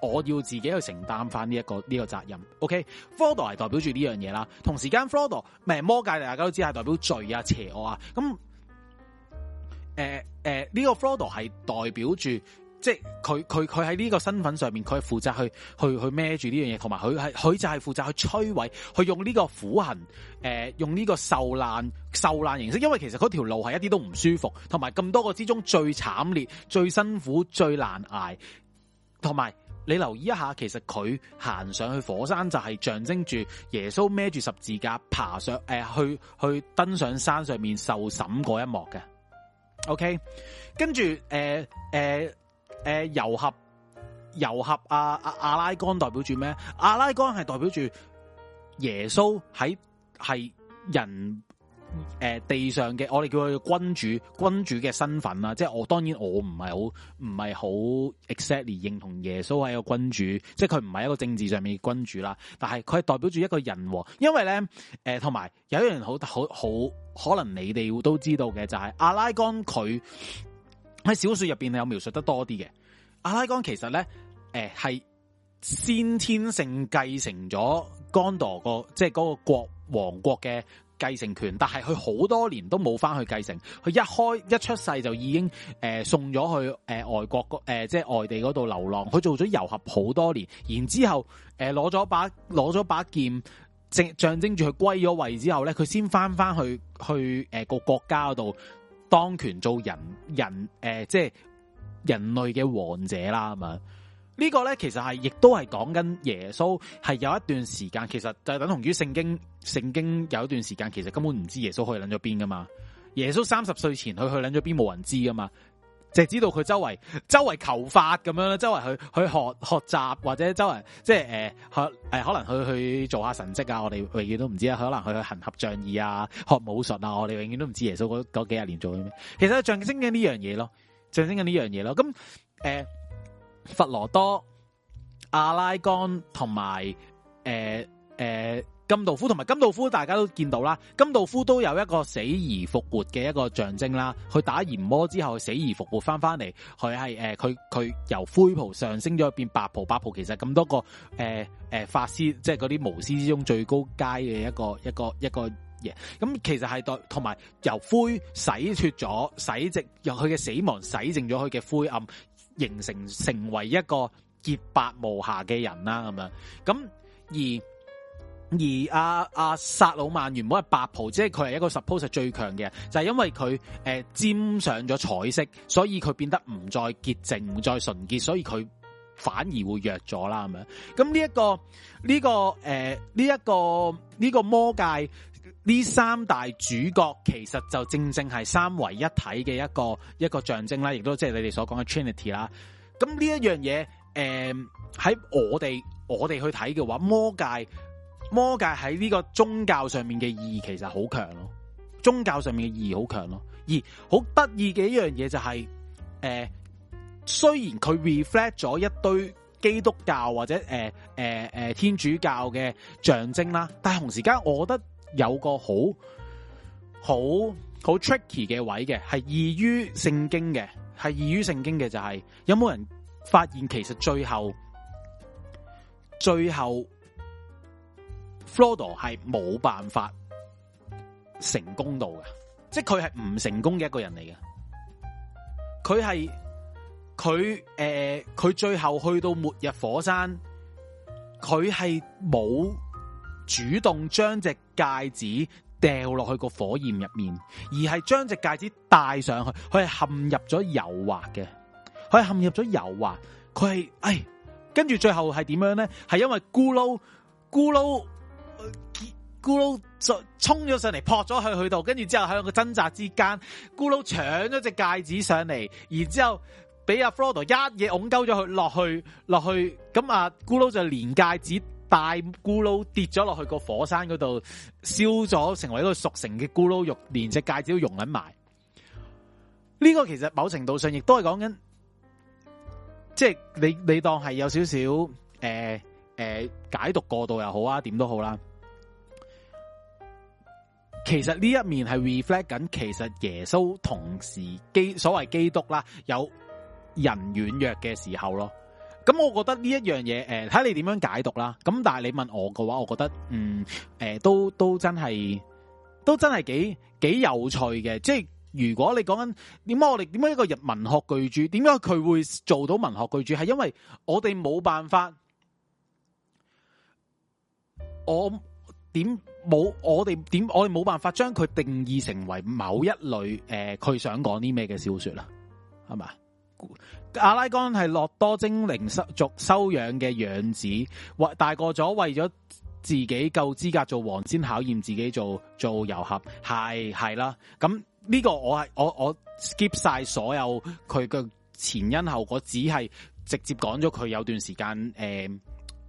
我要自己去承擔返呢一個呢、呢個責任。OK，Frodo，okay？係代表住呢樣嘢啦，同時間 Frodo 咩魔界大家都知係代表罪啊、邪惡啊，咁誒誒呢個 Frodo 係代表住。即係佢佢佢喺呢個身份上面，佢係負責去去去孭住呢樣嘢，同埋佢係佢就係負責去摧毀，去用呢個苦行，誒、呃，用呢個受難受難形式。因為其實嗰條路係一啲都唔舒服，同埋咁多個之中最慘烈、最辛苦、最難捱。同埋你留意一下，其實佢行上去火山就係象徵住耶穌孭住十字架爬上誒、呃，去去登上山上面受審嗰一幕嘅。OK，跟住誒誒。呃呃誒、呃，遊俠遊俠啊，阿拉岡代表住咩？阿拉岡係代表住耶穌喺係人誒、呃、地上嘅，我哋叫佢君主，君主嘅身份啦、啊。即係我當然我唔係好唔係好 exactly 認認同耶穌係一個君主，即係佢唔係一個政治上面嘅君主啦。但係佢係代表住一個人，因為咧誒，同、呃、埋有，有一樣好好好可能你哋都知道嘅就係、是、阿拉岡佢。喺小說入邊有描述得多啲嘅，阿拉岡其實咧，誒、呃、係先天性繼承咗剛鐸個即係嗰個國王國嘅繼承權，但係佢好多年都冇翻去繼承，佢一開一出世就已經誒、呃、送咗去誒、呃、外國誒、呃、即係外地嗰度流浪，佢做咗遊俠好多年，然之後誒攞咗把攞咗把劍，正象徵住佢歸咗位之後咧，佢先翻翻去去誒個、呃、國家嗰度。當權做人人誒、呃，即係人類嘅王者啦，咁啊、這個、呢個咧，其實係亦都係講緊耶穌係有一段時間，其實就係等同於聖經聖經有一段時間，其實根本唔知耶穌去諗咗邊㗎嘛。耶穌三十歲前去，佢去諗咗邊冇人知㗎嘛。就係、是、知道佢周圍周圍求法咁樣啦，周圍去去學學習或者周圍即係誒、呃、學誒可能去去做下神蹟啊，我哋永遠都唔知啊，可能去去行俠仗義啊，學武術啊，我哋永遠都唔知耶穌嗰嗰幾廿年做啲咩。其實象徵緊呢樣嘢咯，象徵緊呢樣嘢咯。咁誒、呃，佛羅多、阿拉岡同埋誒誒。金道夫同埋金道夫，大家都見到啦，金道夫都有一個死而復活嘅一個象徵啦。佢打炎魔之後死而復活翻翻嚟，佢係誒，佢、呃、佢由灰袍上升咗變白袍，白袍其實咁多個誒誒、呃呃、法師，即係嗰啲巫師之中最高階嘅一個一個一個嘢。咁其實係代同埋由灰洗脫咗洗淨，由佢嘅死亡洗淨咗佢嘅灰暗，形成成為一個潔白無瑕嘅人啦。咁樣咁而。而阿阿薩魯曼原本係白袍，即係佢係一個 suppose 最強嘅，就係、是、因為佢誒、呃、沾上咗彩色，所以佢變得唔再潔淨、唔再純潔，所以佢反而會弱咗啦，咁樣。咁呢一個呢、這個誒呢一個呢、這個魔界呢三大主角，其實就正正係三位一體嘅一個一個象徵啦，亦都即係你哋所講嘅 Trinity 啦。咁呢一樣嘢，誒、呃、喺我哋我哋去睇嘅話，魔界。魔界喺呢個宗教上面嘅意義其實好強咯、啊，宗教上面嘅意義好強咯、啊。而好得意嘅一樣嘢就係、是，誒、呃，雖然佢 reflect 咗一堆基督教或者誒誒誒天主教嘅象徵啦，但係同時間我覺得有個好好好 tricky 嘅位嘅，係異於聖經嘅，係異於聖經嘅就係、是，有冇人發現其實最後，最後。Frodo 係冇辦法成功到嘅，即係佢係唔成功嘅一個人嚟嘅。佢係佢誒，佢、呃、最後去到末日火山，佢係冇主動將隻戒指掉落去個火焰入面，而係將隻戒指戴上去。佢係陷入咗誘惑嘅，佢係陷入咗誘惑。佢係唉，跟、哎、住最後係點樣咧？係因為咕嚕咕嚕。咕嚕就衝咗上嚟，撲咗去佢度，跟住之後喺個掙扎之間，咕嚕搶咗隻戒指上嚟，然之後俾阿弗洛多一嘢拱鳩咗佢落去，落去咁啊！咕嚕就連戒指帶咕嚕跌咗落去個火山嗰度，燒咗成為一個熟成嘅咕嚕肉，連隻戒指都溶緊埋。呢個其實某程度上亦都係講緊，即係你你當係有少少誒誒解讀過度又好啊，點都好啦。其實呢一面係 reflect 緊，其實耶穌同時基所謂基督啦，有人軟弱嘅時候咯。咁我覺得呢一樣嘢，誒、呃、睇你點樣解讀啦。咁但係你問我嘅話，我覺得嗯，誒、呃、都都真係都真係幾幾有趣嘅。即係如果你講緊點解我哋點解一個文文學巨著，點解佢會做到文學巨著，係因為我哋冇辦法，我。點冇我哋點我哋冇辦法將佢定義成為某一類誒佢、呃、想講啲咩嘅小說啦，係咪？阿拉岡係洛多精靈失族收養嘅養子，呃、大個咗為咗自己夠資格做王，先考驗自己做做遊俠，係係啦。咁呢、嗯這個我係我我 skip 晒所有佢嘅前因後果，只係直接講咗佢有段時間誒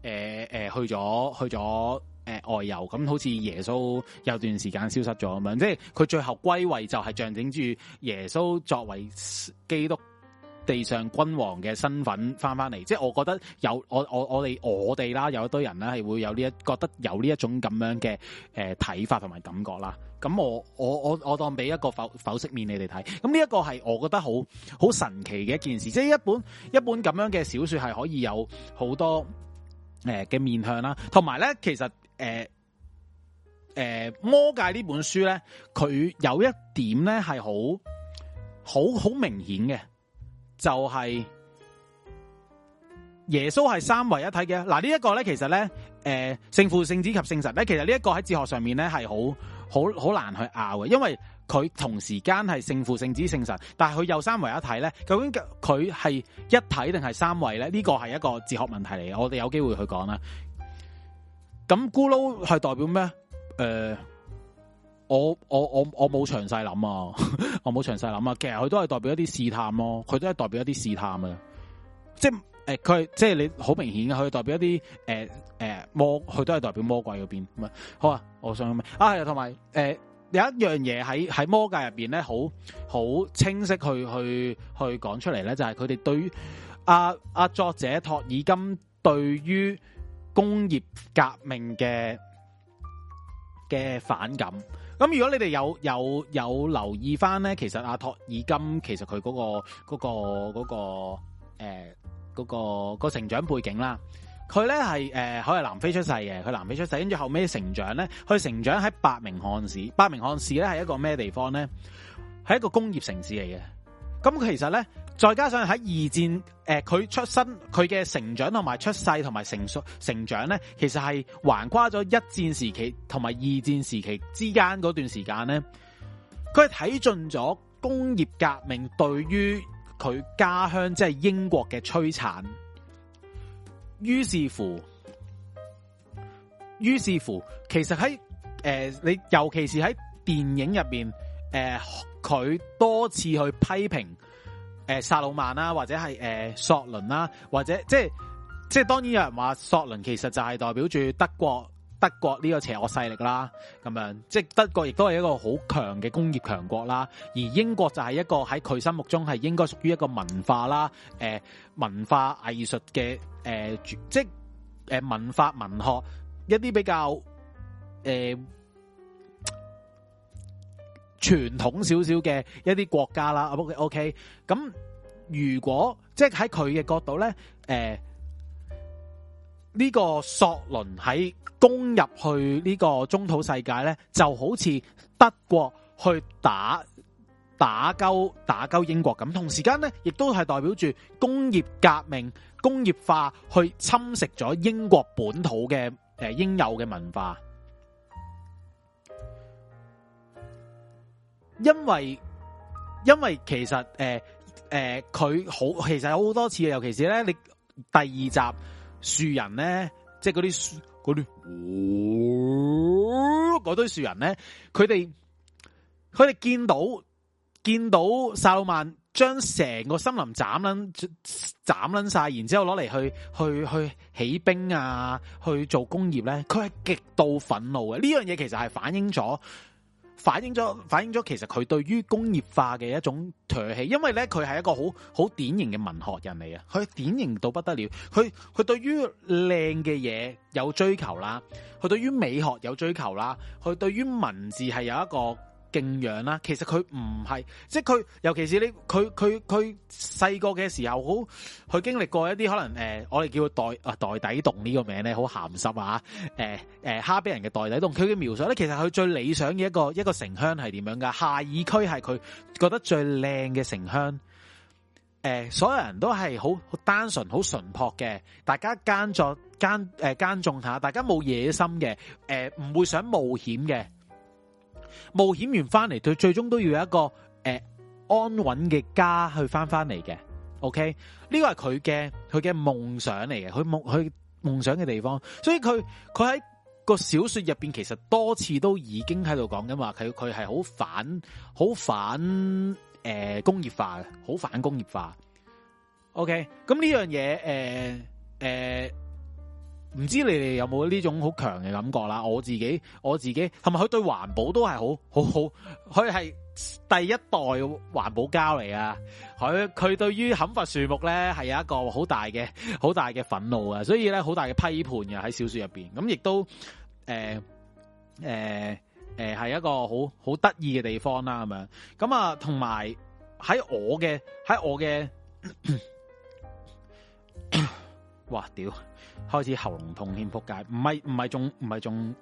誒誒去咗去咗。誒、呃，外遊咁，好似耶穌有段時間消失咗咁樣，即係佢最後歸位就係象徵住耶穌作為基督地上君王嘅身份翻翻嚟。即係我覺得有我我我哋我哋啦，有一堆人呢係會有呢一覺得有呢一種咁樣嘅誒睇法、同埋感覺啦。咁我我我我當俾一個剖剖析面你哋睇。咁呢一個係我覺得好好神奇嘅一件事，即係一本一本咁樣嘅小說係可以有好多誒嘅、呃、面向啦，同埋咧，其實。誒誒，誒《魔界》呢本書咧，佢有一點咧係好好好明顯嘅，就係、是、耶穌係三為一體嘅。嗱，呢一個咧，其實咧，誒，聖父、聖子及聖神咧，其實呢一個喺哲學上面咧係好好好難去拗嘅，因為佢同時間係聖父、聖子、聖神，但係佢又三為一體咧。究竟佢係一體定係三為咧？呢、這個係一個哲學問題嚟嘅，我哋有機會去講啦。咁咕嚕係代表咩？誒、呃，我我我我冇詳細諗啊， 我冇詳細諗啊。其實佢都係代表一啲試探咯、啊，佢都係代表一啲試探啊。即係誒，佢、呃、即係你好明顯嘅，佢代表一啲誒誒魔，佢都係代表魔鬼嗰邊。咁啊，好啊，我想咩啊？同埋誒，有一樣嘢喺喺魔界入邊咧，好好清晰去去去講出嚟咧，就係佢哋對於阿、啊啊、作者托爾金對於。工業革命嘅嘅反感，咁如果你哋有有有留意返咧，其實阿托爾金其實佢嗰個嗰個嗰個、欸嗰個嗰個成長背景啦，佢咧係誒喺南非出世嘅，佢南非出世，跟住後尾成長咧，佢成長喺百名漢市，百名漢市咧係一個咩地方咧？係一個工業城市嚟嘅，咁其實咧。再加上喺二戰，誒、呃，佢出生佢嘅成長同埋出世同埋成熟成長咧，其實係橫跨咗一戰時期同埋二戰時期之間嗰段時間咧，佢係睇盡咗工業革命對於佢家鄉即係英國嘅摧殘。於是乎，於是乎，其實喺誒、呃，你尤其是喺電影入邊，誒、呃，佢多次去批評。誒、呃，薩魯曼啦，或者係誒、呃，索倫啦，或者即係即係，當然有人話索倫其實就係代表住德國，德國呢個邪惡勢力啦，咁樣即係德國亦都係一個好強嘅工業強國啦，而英國就係一個喺佢心目中係應該屬於一個文化啦，誒、呃、文化藝術嘅誒、呃，即誒、呃、文化文學一啲比較誒。呃傳統少少嘅一啲國家啦，ok，ok，咁如果即係喺佢嘅角度呢，誒，呢個索倫喺攻入去呢個中土世界呢，就好似德國去打打鳩打鳩英國咁，同時間呢，亦都係代表住工業革命、工業化去侵蝕咗英國本土嘅誒應有嘅文化。因為因為其實誒誒佢好，其實好多次啊，尤其是咧，你第二集樹人咧，即係嗰啲嗰啲嗰堆樹人咧，佢哋佢哋見到見到薩魯曼將成個森林斬捻斬捻晒，然之後攞嚟去去去，去起兵啊，去做工業咧，佢係極度憤怒嘅。呢樣嘢其實係反映咗。反映咗，反映咗，其實佢對於工業化嘅一種唾棄，因為呢，佢係一個好好典型嘅文學人嚟嘅，佢典型到不得了。佢佢對於靚嘅嘢有追求啦，佢對於美學有追求啦，佢對於文字係有一個。敬仰啦，其實佢唔係，即係佢，尤其是你，佢佢佢細個嘅時候，好佢經歷過一啲可能誒、呃，我哋叫袋啊袋底洞呢個名咧，好鹹濕啊，誒、呃、誒，哈、呃、比人嘅袋底洞。佢嘅描述咧，其實佢最理想嘅一個一個城鄉係點樣噶？夏爾區係佢覺得最靚嘅城鄉。誒、呃，所有人都係好單純、好純樸嘅，大家耕作耕誒耕種吓，大家冇野心嘅，誒、呃、唔會想冒險嘅。冒險完翻嚟，佢最終都要有一個誒、呃、安穩嘅家去翻翻嚟嘅。OK，呢個係佢嘅佢嘅夢想嚟嘅，佢夢佢夢想嘅地方。所以佢佢喺個小說入邊，其實多次都已經喺度講㗎嘛。佢佢係好反好反誒、呃、工業化嘅，好反工業化。OK，咁呢樣嘢誒誒。呃呃唔知你哋有冇呢種好強嘅感覺啦？我自己我自己，同埋佢對環保都係好好好，佢係第一代環保膠嚟啊！佢佢對於砍伐樹木咧，係有一個好大嘅好大嘅憤怒啊！所以咧，好大嘅批判啊。喺小說入邊，咁亦都誒誒誒係一個好好得意嘅地方啦咁樣。咁啊，同埋喺我嘅喺我嘅，哇 屌！開始喉嚨痛添，撲街。唔係唔係中唔係中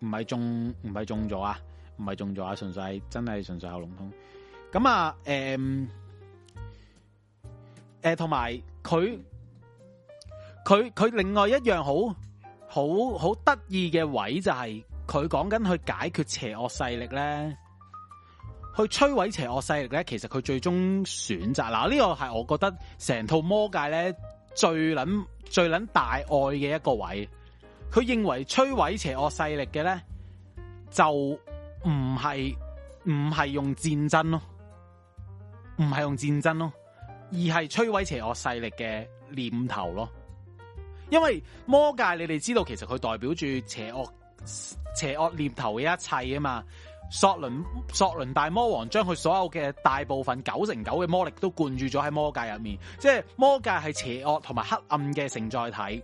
唔係中唔係中咗啊！唔係中咗啊！純粹真係純粹喉嚨痛。咁啊，誒誒，同埋佢佢佢另外一樣好好好得意嘅位就係佢講緊去解決邪惡勢力咧，去摧毀邪惡勢力咧。其實佢最終選擇嗱，呢個係我覺得成套魔戒咧最捻。最捻大愛嘅一個位，佢認為摧毀邪惡勢力嘅咧，就唔係唔係用戰爭咯，唔係用戰爭咯，而係摧毀邪惡勢力嘅念頭咯。因為魔界你哋知道，其實佢代表住邪惡邪惡念頭嘅一切啊嘛。索倫索倫大魔王將佢所有嘅、大部分九成九嘅魔力都灌注咗喺魔界入面，即係魔界係邪惡同埋黑暗嘅承載體。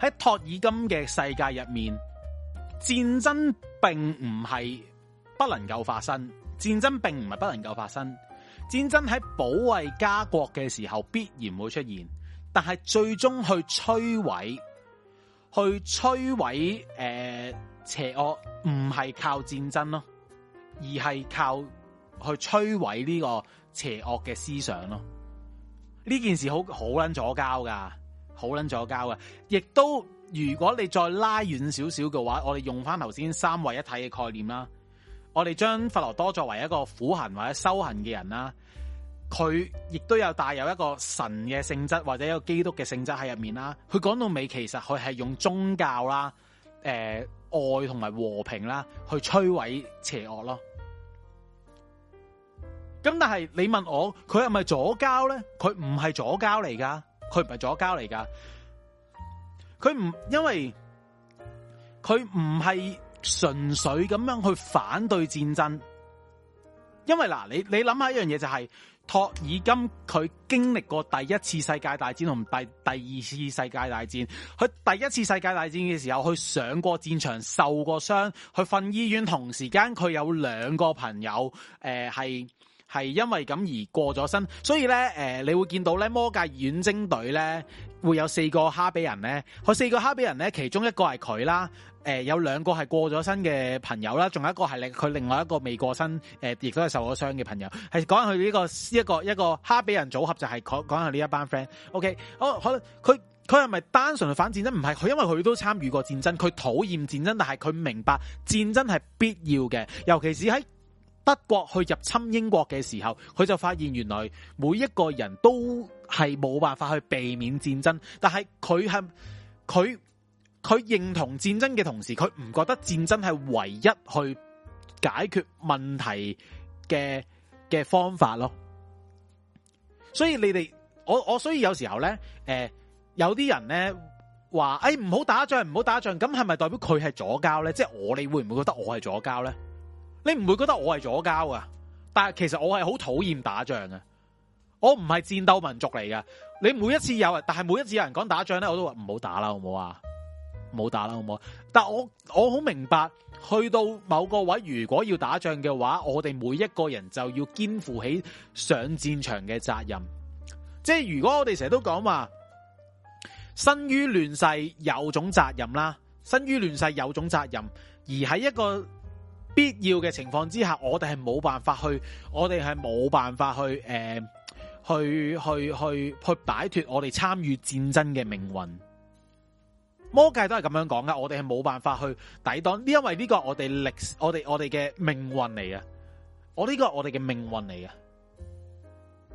喺托爾金嘅世界入面，戰爭並唔係不能夠發生，戰爭並唔係不能夠發生，戰爭喺保衛家國嘅時候必然會出現，但係最終去摧毀，去摧毀、誒。呃邪惡唔係靠戰爭咯，而係靠去摧毀呢個邪惡嘅思想咯。呢件事好好撚左膠噶，好撚左膠噶。亦都如果你再拉遠少少嘅話，我哋用返頭先三位一體嘅概念啦。我哋將佛羅多作為一個苦行或者修行嘅人啦，佢亦都有帶有一個神嘅性質或者一個基督嘅性質喺入面啦。佢講到尾，其實佢係用宗教啦，誒、呃。愛同埋和平啦，去摧毀邪惡咯。咁但係你問我佢係咪左膠咧？佢唔係左膠嚟噶，佢唔係左膠嚟噶，佢唔因為佢唔係純粹咁樣去反對戰爭，因為嗱，你你諗下一樣嘢就係、是。托爾金佢經歷過第一次世界大戰同第第二次世界大戰，佢第一次世界大戰嘅時候，佢上過戰場，受過傷，佢瞓醫院，同時間佢有兩個朋友，誒係係因為咁而過咗身，所以呢，誒、呃、你會見到呢魔界遠征隊呢，會有四個哈比人呢，佢四個哈比人呢，其中一個係佢啦。誒、呃，有兩個係過咗身嘅朋友啦，仲有一個係佢另外一個未過身，誒、呃，亦都係受咗傷嘅朋友，係講佢呢、呢個、呢個、一個一個哈比人組合就係、係、講佢下呢一班 friend。O K，我可能佢佢係咪單純反戰爭？唔係，佢因為佢都參與過戰爭，佢討厭戰爭，但係佢明白戰爭係必要嘅，尤其是喺德國去入侵英國嘅時候，佢就發現原來每一個人都係冇辦法去避免戰爭，但係佢係佢。佢認同戰爭嘅同時，佢唔覺得戰爭係唯一去解決問題嘅嘅方法咯。所以你哋我我所以有時候咧，誒、呃、有啲人咧話，誒，唔好打仗，唔好打仗，咁係咪代表佢係左膠咧？即、就、係、是、我你會唔會覺得我係左膠咧？你唔會覺得我係左膠啊？但係其實我係好討厭打仗啊。我唔係戰鬥民族嚟㗎。你每一次有，但係每一次有人講打仗咧，我都話唔好打啦，好唔好啊？冇打啦，好唔好？但我我好明白，去到某個位，如果要打仗嘅話，我哋每一個人就要肩負起上戰場嘅責任。即係如果我哋成日都講話，生於亂世有種責任啦，生於亂世有種責任。而喺一個必要嘅情況之下，我哋係冇辦法去，我哋係冇辦法去，誒、呃，去去去去擺脫我哋參與戰爭嘅命運。魔界都係咁樣講噶，我哋係冇辦法去抵擋，因為呢個我哋歷史我哋我哋嘅命運嚟㗎。這個、我呢個係我哋嘅命運嚟㗎。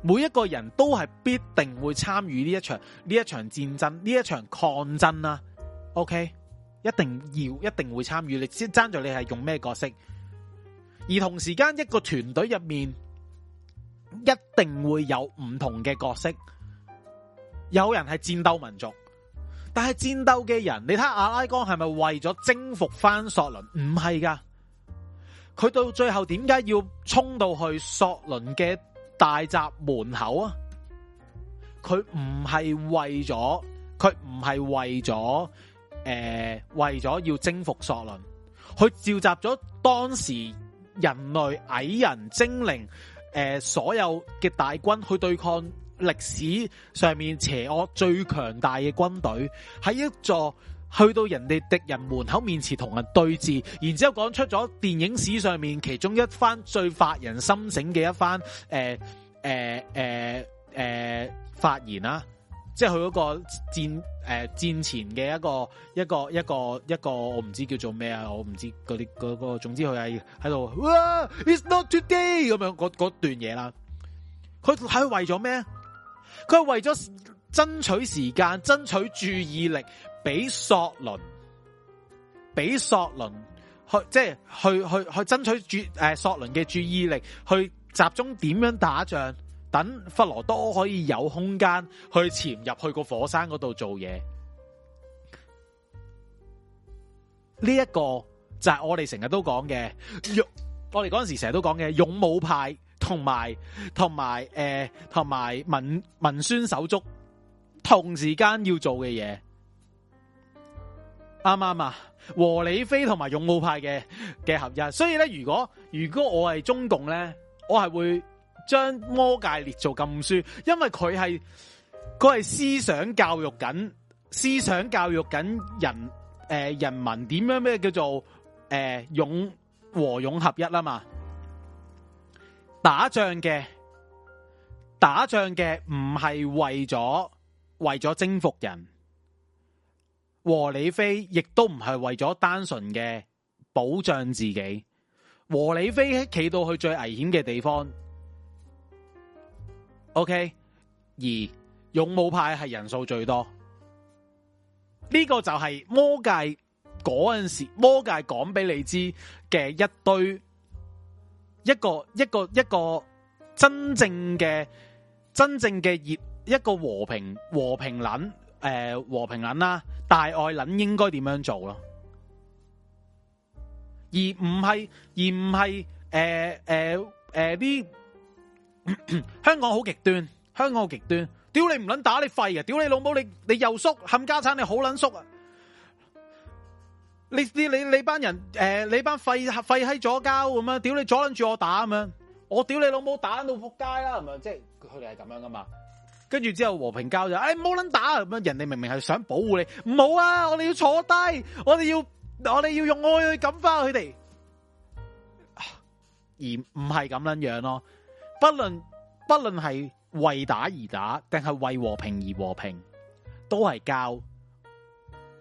每一個人都係必定會參與呢一場呢一場戰爭呢一場抗爭啊。OK，一定要一定會參與，你只爭在你係用咩角色，而同時間一個團隊入面一定會有唔同嘅角色，有人係戰鬥民族。但係戰鬥嘅人，你睇下阿拉岡係咪為咗征服翻索倫？唔係噶，佢到最後點解要衝到去索倫嘅大閘門口啊？佢唔係為咗，佢唔係為咗，誒、呃，為咗要征服索倫，佢召集咗當時人類、矮人、精靈，誒、呃，所有嘅大軍去對抗。歷史上面邪惡最強大嘅軍隊，喺一座去到人哋敵人門口面前同人對峙，然之後講出咗電影史上面其中一番最發人心醒嘅一番誒誒誒誒發言啦，即係佢嗰個戰誒、呃、戰前嘅一個一個一個一個我唔知叫做咩啊，我唔知嗰啲嗰個、那個，總之佢係喺度，哇，It's not today 咁樣嗰段嘢啦。佢係為咗咩？佢為咗爭取時間，爭取注意力，俾索倫，俾索倫去，即係去去去爭取誒、呃、索倫嘅注意力，去集中點樣打仗，等弗羅多可以有空間去潛入去個火山嗰度做嘢。呢、這、一個就係我哋成日都講嘅，我哋嗰陣時成日都講嘅勇武派。同埋同埋誒同埋文文宣手足同時間要做嘅嘢，啱唔啱啊？和理非同埋勇武派嘅嘅合一，所以咧，如果如果我係中共咧，我係會將魔戒列做禁書，因為佢係佢係思想教育緊，思想教育緊人誒、呃、人民點樣咩叫做誒、呃、勇和勇合一啦嘛。打仗嘅打仗嘅唔係為咗為咗征服人，和理非亦都唔係為咗單純嘅保障自己。和理非企到去最危險嘅地方。OK，而勇武派係人數最多，呢、呢個就係魔界陣時魔界講俾你知嘅一堆。一個一個一個真正嘅真正嘅一個和平和平捻，誒、呃、和平捻啦，大愛捻應該點樣做咯？而唔係而唔係誒誒誒啲香港好極端，香港好極端，屌你唔捻打你廢啊！屌你老母你你又縮冚家產你好捻縮啊！你你你班人誒，你班廢廢閪咗交咁樣，屌你，你、呃、你，你阻捻住我打咁樣，我屌你老母打到仆街啦，咁樣即係佢哋係咁樣噶嘛？跟住之後和平交就誒冇捻打咁樣，人哋明明係想保護你，唔好啊！我哋要坐低，我哋要我哋要用愛去感化佢哋，而唔係咁樣樣咯。不論不論係為打而打，定係為和平而和平，都係交。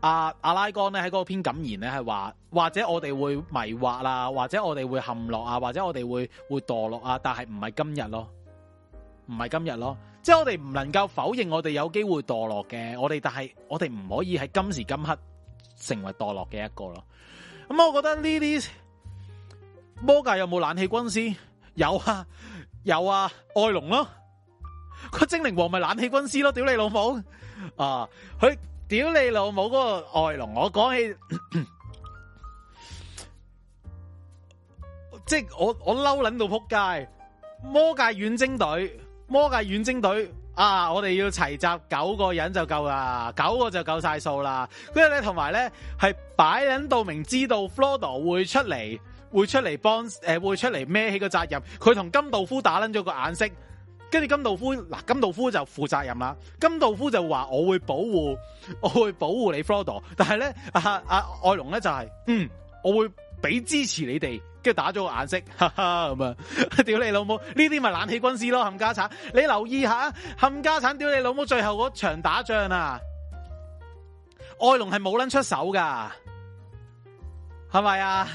阿、啊、阿拉岡咧喺嗰篇感言咧係話，或者我哋會迷惑啊，或者我哋會陷落啊，或者我哋會會墮落啊，但係唔係今日咯，唔係今日咯，即、就、係、是、我哋唔能夠否認我哋有機會墮落嘅，我哋但係我哋唔可以喺今時今刻成為墮落嘅一個咯。咁、嗯、我覺得呢啲魔戒有冇冷氣軍師？有啊，有啊，愛龍咯，個精靈王咪冷氣軍師咯，屌你老母啊，佢。屌你老母嗰個外龍！我講起，即係、 就是、我我嬲捻到仆街。魔界遠征隊，魔界遠征隊啊！我哋要齊集九個人就夠啦，九個就夠晒數啦。跟住咧，同埋咧係擺捻到明知道 Frodo 會出嚟，會出嚟幫誒，會出嚟孭起個責任。佢同金道夫打捻咗個眼色。跟住金道夫嗱，金道夫就負責任啦。金道夫就話我會保護，我會保護你，弗羅多。但係咧，阿、啊、阿、啊、愛龍咧就係、是，嗯，我會俾支持你哋，跟住打咗個眼色，哈哈咁啊，屌你老母！呢啲咪冷氣軍師咯，冚家鏟！你留意下，冚家鏟，屌你老母！最後嗰場打仗啊，愛龍係冇撚出手噶，係咪啊？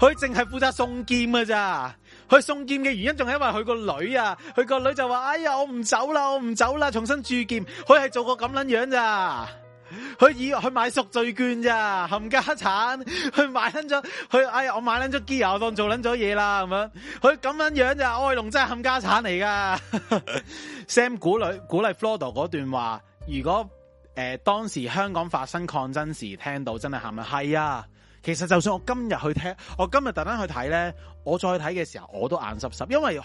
佢淨係負責送劍噶咋。佢送劍嘅原因，仲係因為佢個女啊！佢個女就話：哎呀，我唔走啦，我唔走啦，重新鑄劍。佢係做過咁捻樣咋？佢以佢買贖罪券咋？冚家產，佢買捻咗，佢哎呀，我買捻咗機油我當做捻咗嘢啦咁樣，樣。佢咁捻樣就愛龍真係冚家產嚟噶。 Sam 鼓勵鼓勵 Frodo 嗰段話，如果誒、呃、當時香港發生抗爭時聽到真是是，真係喊啊！係啊，其實就算我今日去聽，我今日特登去睇咧。我再睇嘅時候，我都眼濕濕，因為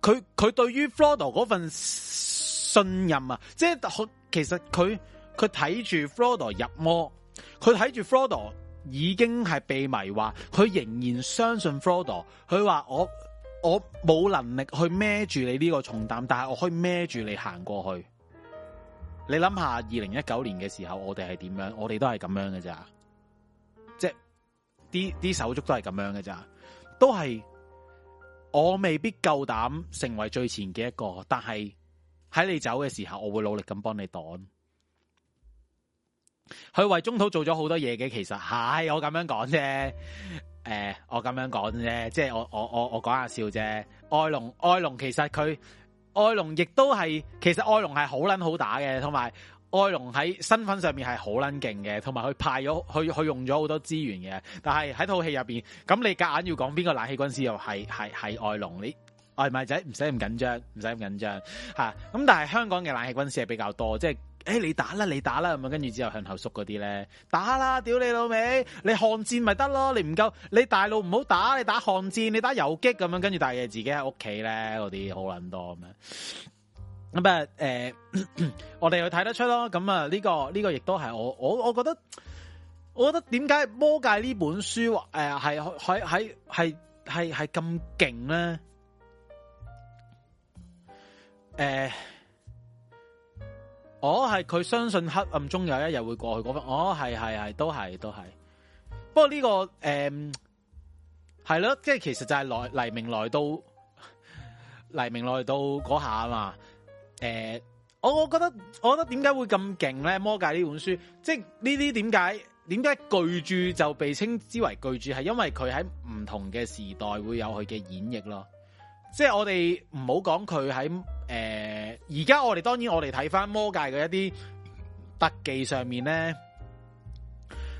佢佢對於 Frodo 嗰份信任啊，即係其實佢佢睇住 Frodo 入魔，佢睇住 Frodo 已經係被迷惑，佢仍然相信 Frodo，佢話我我冇能力去孭住你呢個重擔，但係我可以孭住你行過去。你諗下二零一九年嘅時候，我哋係點樣？我哋都係咁樣嘅咋。啲啲手足都係咁樣嘅咋，都係我未必夠膽成為最前嘅一個，但係喺你走嘅時候，我會努力咁幫你擋。佢為中土做咗好多嘢嘅，其實係我咁樣講啫。誒，我咁樣講啫，即係我我我我講下笑啫。愛龍愛龍其實佢愛龍亦都係，其實愛龍係好捻好打嘅，同埋。愛龍喺身份上面係好撚勁嘅，同埋佢派咗佢佢用咗好多資源嘅。但係喺套戲入邊，咁你夾硬要講邊個冷氣軍師又係係係愛龍？你愛咪、哎、仔唔使咁緊張，唔使咁緊張吓。咁、啊、但係香港嘅冷氣軍師係比較多，即係誒你打啦你打啦咁，跟住之後向後縮嗰啲咧打啦，屌你老味，你巷戰咪得咯？你唔夠你大路唔好打，你打巷戰，你打游擊咁樣，跟住但係自己喺屋企咧嗰啲好撚多咁樣。咁啊、uh,，誒， 我哋又睇得出咯。咁啊、這個，呢、這個呢個亦都係我我我覺得，我覺得點解《魔戒》呢本書係誒係喺喺係係係咁勁咧？誒、uh,，我係佢相信黑暗中有一日會過去嗰份、那個，我係係係都係都係。不過呢個誒係咯，即、uh, 係其實就係來黎明來到黎明來到嗰下啊嘛。誒，呃，我我覺得，我覺得點解會咁勁咧？《魔界》呢本書，即係呢啲點解點解巨著就被稱之為巨著，係因為佢喺唔同嘅時代會有佢嘅演繹咯。即係我哋唔好講佢喺誒，而家我哋當然我哋睇返《魔界》嘅一啲特技上面咧，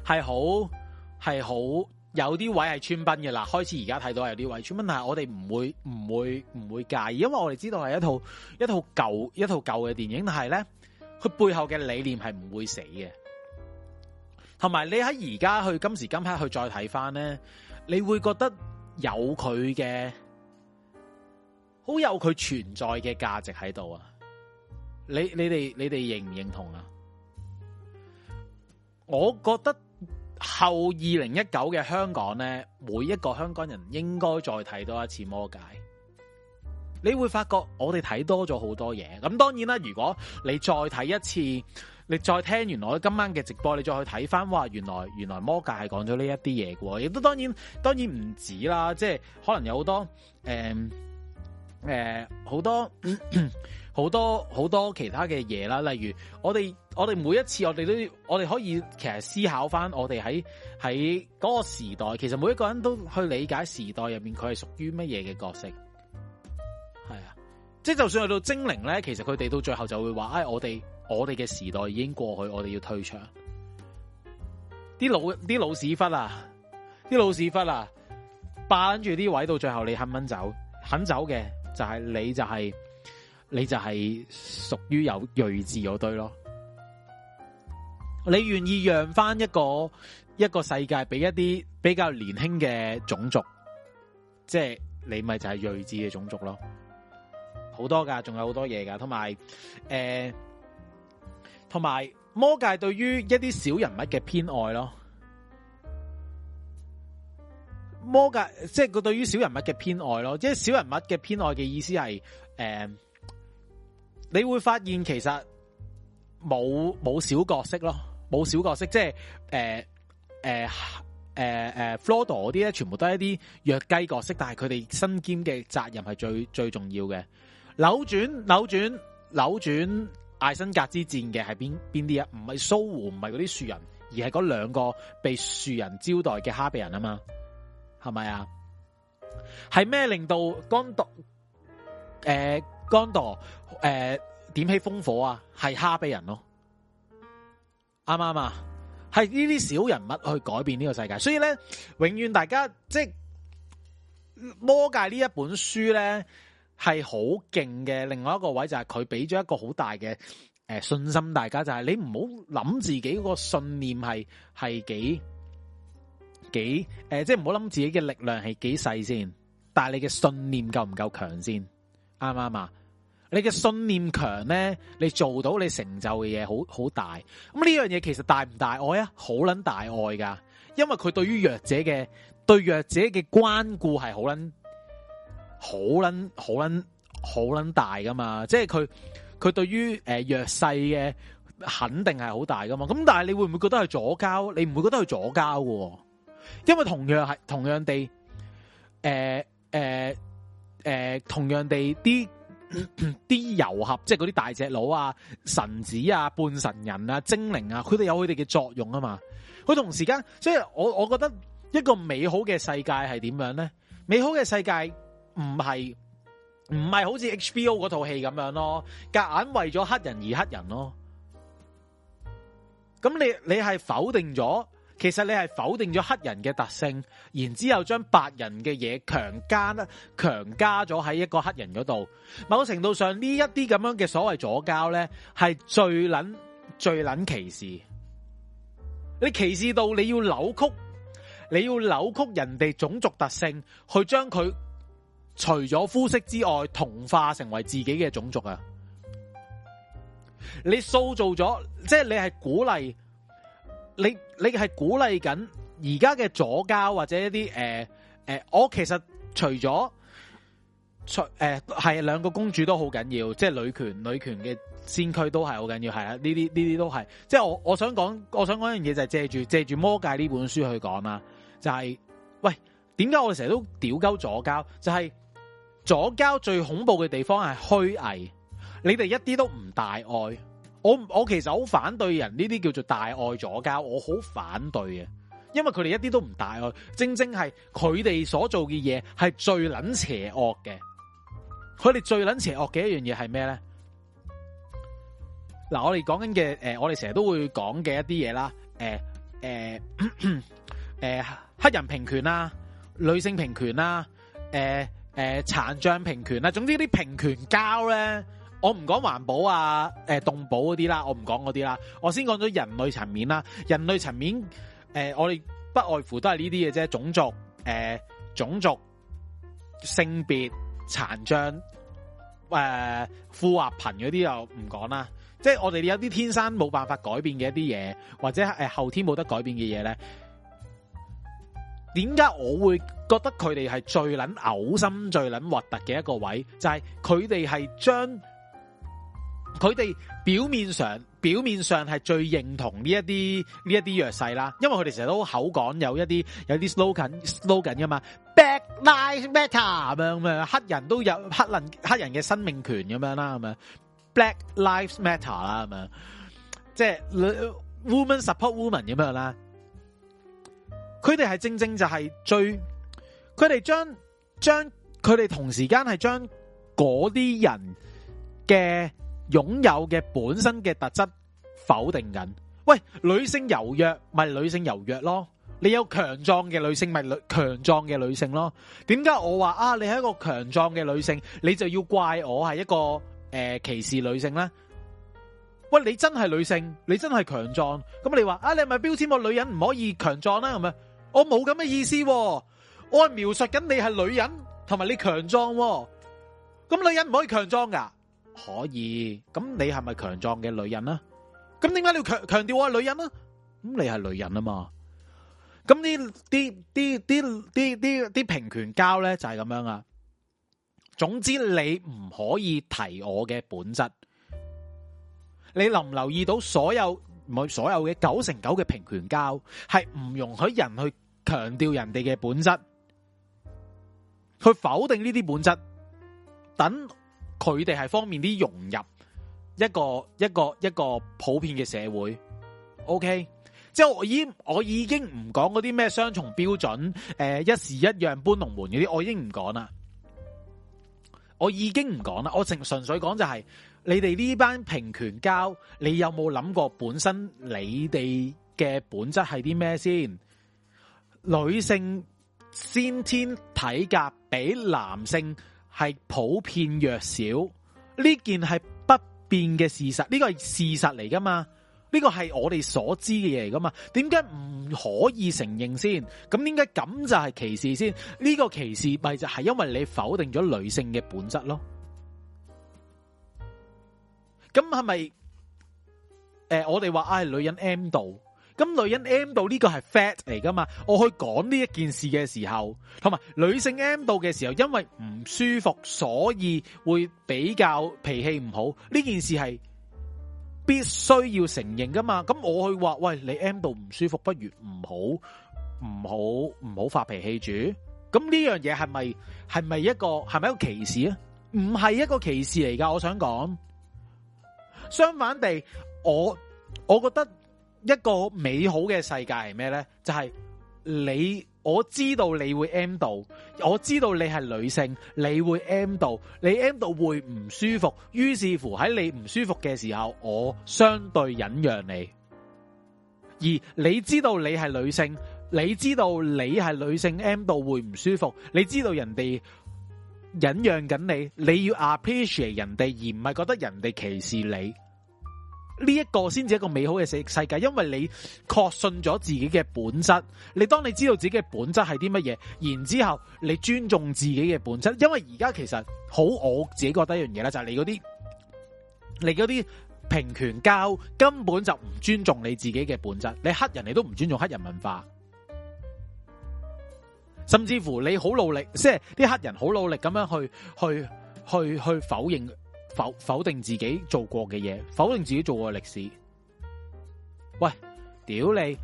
係好係好。有啲位係穿崩嘅啦，開始而家睇到係有啲位穿崩，但係我哋唔會唔會唔會介意，因為我哋知道係一套一套舊一套舊嘅電影，但係咧，佢背後嘅理念係唔會死嘅。同埋你喺而家去今時今刻去再睇翻，咧你會覺得有佢嘅好有佢存在嘅價值喺度啊！你你哋你哋認唔認同啊？我覺得。後二零一九嘅香港呢，每一個香港人應該再睇多一次魔戒，你會發覺我哋睇多咗好多嘢。咁當然啦，如果你再睇一次，你再聽完我今晚嘅直播，你再去睇翻，哇！原來原來魔戒係講咗呢一啲嘢嘅，亦都當然當然唔止啦。即係可能有好多誒誒好多。呃呃好多好多其他嘅嘢啦，例如我哋我哋每一次我哋都我哋可以其實思考翻我哋喺喺嗰個時代，其實每一個人都去理解時代入面佢係屬於乜嘢嘅角色。係啊，即係就算去到精靈咧，其實佢哋到最後就會話，哎，我哋我哋嘅時代已經過去，我哋要退場。啲老啲老屎忽啊！啲老屎忽啊！霸住啲位到最後你肯唔肯走？肯走嘅就係、是、你就係、是。你就係屬於有睿智嗰堆咯，你願意讓翻一個一個世界俾一啲比較年輕嘅種族，即係你咪就係睿智嘅種族咯。好多噶，仲有好多嘢噶，同埋誒，同埋魔界對於一啲小人物嘅偏愛咯，魔界即係佢對於小人物嘅偏愛咯，即係小人物嘅偏愛嘅意思係誒。呃你會發現其實冇冇小角色咯，冇小角色，即係誒誒誒誒 Frodo 啲咧，全部都係一啲弱雞角色，但係佢哋身兼嘅責任係最最重要嘅。扭轉扭轉扭轉艾辛格之戰嘅係邊邊啲啊？唔係蘇湖，唔係嗰啲樹人，而係嗰兩個被樹人招待嘅哈比人啊嘛，係咪啊？係咩令到甘 Gond- 度、呃？誒誒、呃，點起烽火啊！係哈比人咯，啱唔啱啊？係呢啲小人物去改變呢個世界，所以咧，永遠大家即魔戒呢一本書咧係好勁嘅。另外一個位就係佢俾咗一個好大嘅誒、呃、信心，大家就係、是、你唔好諗自己個信念係係幾幾誒、呃，即係唔好諗自己嘅力量係幾細先，但係你嘅信念夠唔夠強先？啱唔啱啊？你嘅信念強咧，你做到你成就嘅嘢好好大。咁呢樣嘢其實大唔大愛啊？好捻大愛噶，因為佢對於弱者嘅對弱者嘅關顧係好捻好捻好捻好捻大噶嘛。即係佢佢對於誒、呃、弱勢嘅肯定係好大噶嘛。咁但係你會唔會覺得係左膠？你唔會覺得係左膠噶？因為同樣係同樣地，誒誒誒，同樣地啲。啲 D- 遊俠即係嗰啲大隻佬啊、神子啊、半神人啊、精靈啊，佢哋有佢哋嘅作用啊嘛。佢同時間即係我我覺得一個美好嘅世界係點樣咧？美好嘅世界唔係唔係好似 HBO 嗰套戲咁樣咯，夾硬為咗黑人而黑人咯。咁你你係否定咗？其實你係否定咗黑人嘅特性，然之後將白人嘅嘢強加啦，強加咗喺一個黑人嗰度。某程度上，呢一啲咁樣嘅所謂左膠咧，係最捻最捻歧視。你歧視到你要扭曲，你要扭曲人哋種族特性，去將佢除咗膚色之外同化成為自己嘅種族啊！你塑造咗，即係你係鼓勵。你你係鼓勵緊而家嘅左膠或者一啲誒誒，我其實除咗除誒係兩個公主都好緊要，即係女權女權嘅先驅都係好緊要，係啊呢啲呢啲都係。即係我我想講我想講一樣嘢就係借住借住魔界呢本書去講啦，就係、是、喂，點解我哋成日都屌鳩左膠？就係、是、左膠最恐怖嘅地方係虛偽，你哋一啲都唔大愛。我我其實好反對人呢啲叫做大愛咗交，我好反對嘅，因為佢哋一啲都唔大愛，正正係佢哋所做嘅嘢係最捻邪惡嘅。佢哋最捻邪惡嘅一樣嘢係咩咧？嗱，我哋講緊嘅誒，我哋成日都會講嘅一啲嘢啦，誒誒誒，黑人平權啦，女性平權啦，誒、呃、誒、呃，殘障平權啦，總之啲平權交咧。我唔講環保啊，誒、呃，動保嗰啲啦，我唔講嗰啲啦，我先講咗人類層面啦。人類層面，誒、呃，我哋不外乎都係呢啲嘢啫，種族，誒、呃，種族，性別，殘障，誒、呃，富或貧嗰啲又唔講啦。即係我哋有啲天生冇辦法改變嘅一啲嘢，或者係、呃、後天冇得改變嘅嘢咧。點解我會覺得佢哋係最捻嘔心、最捻核突嘅一個位？就係佢哋係將。佢哋表面上表面上，係最認同呢一啲呢一啲弱勢啦，因為佢哋成日都口講有一啲有啲 slogan slogan 噶嘛，Black Lives Matter 咁樣，黑人都有黑人黑人嘅生命權咁樣啦，咁樣 Black Lives Matter 啦，咁樣即係、就是、Woman Support Woman 咁樣啦。佢哋係正正就係最，佢哋將將佢哋同時間係將嗰啲人嘅。擁有嘅本身嘅特質否定緊，喂，女性柔弱咪、就是、女性柔弱咯，你有強壯嘅女性咪、就是、女強壯嘅女性咯，點解我話啊你係一個強壯嘅女性，你就要怪我係一個誒、呃、歧視女性咧？喂，你真係女性，你真係強壯，咁你話啊你係咪標籤個女人唔可以強壯咧？係咪？我冇咁嘅意思，我係描述緊你係女人同埋你強壯，咁女人唔可以強壯噶。可以，咁你係咪強壯嘅女人呢？咁點解你要強強調我係女人呢？咁你係女人啊嘛？咁呢啲啲啲啲啲啲平權膠咧就係咁樣啊！總之你唔可以提我嘅本質，你留唔留意到所有唔係所有嘅九成九嘅平權膠係唔容許人去強調人哋嘅本質，去否定呢啲本質，等。佢哋係方便啲融入一個一個一個普遍嘅社會，OK，即係我已我已經唔講嗰啲咩雙重標準，誒、呃、一時一樣搬龍門嗰啲，我已經唔講啦，我已經唔講啦，我淨純粹講就係、是、你哋呢班平權交，你有冇諗過本身你哋嘅本質係啲咩先？女性先天體格比男性。係普遍弱小，呢件係不變嘅事實，呢個係事實嚟噶嘛？呢個係我哋所知嘅嘢嚟噶嘛？點解唔可以承認先？咁點解咁就係歧視先？呢個歧視咪就係因為你否定咗女性嘅本質咯？咁係咪？誒，我哋話唉，女人 M 度。咁女人 M 到呢個係 fat 嚟噶嘛？我去講呢一件事嘅時候，同埋女性 M 到嘅時候，因為唔舒服，所以會比較脾氣唔好。呢件事係必須要承認噶嘛？咁我去話，喂，你 M 到唔舒服，不如唔好，唔好，唔好發脾氣住。咁呢樣嘢係咪係咪一個係咪一個歧視啊？唔係一個歧視嚟噶，我想講。相反地，我我覺得。一個美好嘅世界係咩呢？就係你，我知道你會 M 到，我知道你係女性，你會 M 到，你 M 到會唔舒服。於是乎喺你唔舒服嘅時候，我相對忍讓你。而你知道你係女性，你知道你係女性 M 到會唔舒服，你知道人哋忍讓緊你，你要 appreciate 人哋，而唔係覺得人哋歧視你。呢、這、一個先至一個美好嘅世世界，因為你確信咗自己嘅本質。你當你知道自己嘅本質係啲乜嘢，然之後你尊重自己嘅本質。因為而家其實好，我自己覺得一樣嘢咧，就係、是、你嗰啲，你啲平權教根本就唔尊重你自己嘅本質。你黑人你都唔尊重黑人文化，甚至乎你好努力，即係啲黑人好努力咁樣去去去去否認。否否定自己做過嘅嘢，否定自己做過嘅歷史。喂，屌你！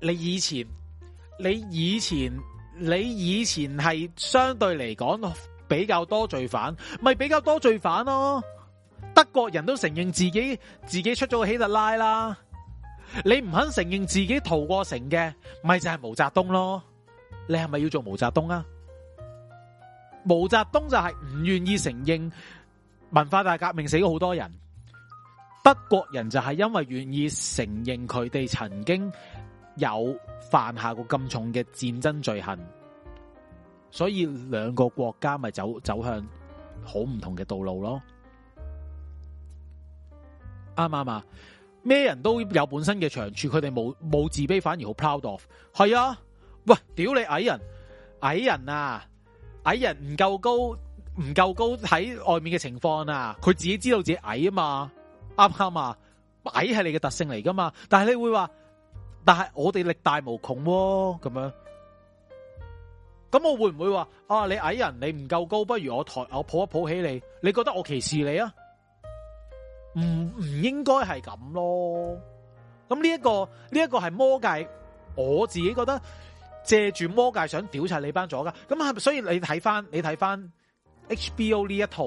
你以前，你以前，你以前係相對嚟講比較多罪犯，咪比較多罪犯咯。德國人都承認自己自己出咗希特拉啦，你唔肯承認自己逃過城嘅，咪就係毛澤東咯。你係咪要做毛澤東啊？毛澤東就係唔願意承認。文化大革命死咗好多人，德國人就係因為願意承認佢哋曾經有犯下過咁重嘅戰爭罪行，所以兩個國家咪走走向好唔同嘅道路咯。啱唔啱啊？咩人都有本身嘅長處，佢哋冇冇自卑反而好 proud of。係啊，喂，屌你矮人，矮人啊，矮人唔夠高。唔夠高喺外面嘅情況啊，佢自己知道自己矮啊嘛，啱啱啊？矮係你嘅特性嚟噶嘛，但係你會話，但係我哋力大無窮咁、哦、樣，咁我會唔會話啊？你矮人，你唔夠高，不如我抬我抱一抱起你，你覺得我歧視你啊？唔唔應該係咁咯，咁呢一個呢一、呢個係魔界，我自己覺得借住魔界想屌柴你班咗噶，咁係咪？所以你睇翻，你睇翻。HBO 呢一套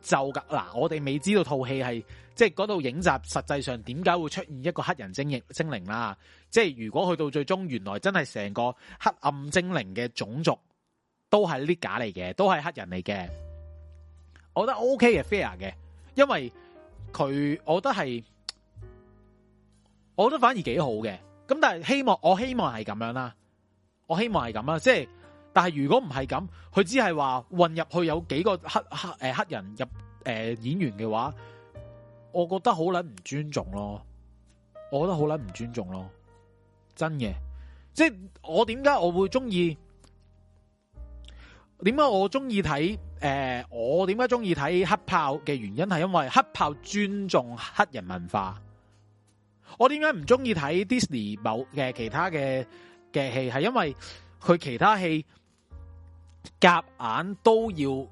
就噶嗱，啊，我哋未知道套戲係即係嗰度影集，實際上點解會出現一個黑人精精靈啦？即係如果去到最終，原來真係成個黑暗精靈嘅種族都係呢啲假嚟嘅，都係黑人嚟嘅。我覺得 OK 嘅 fair 嘅，因為佢，我覺得係，我覺得反而幾好嘅。咁但係希望，我希望係咁樣啦，我希望係咁啦，即係。但係如果唔係咁，佢只係話混入去有幾個黑黑誒黑人入誒、呃、演員嘅話，我覺得好撚唔尊重咯。我覺得好撚唔尊重咯，真嘅。即係我點解我會中意？點解我中意睇誒？我點解中意睇黑豹嘅原因係因為黑豹尊重黑人文化。我點解唔中意睇 Disney 某嘅其他嘅嘅戲，係因為佢其他戲。夾硬都要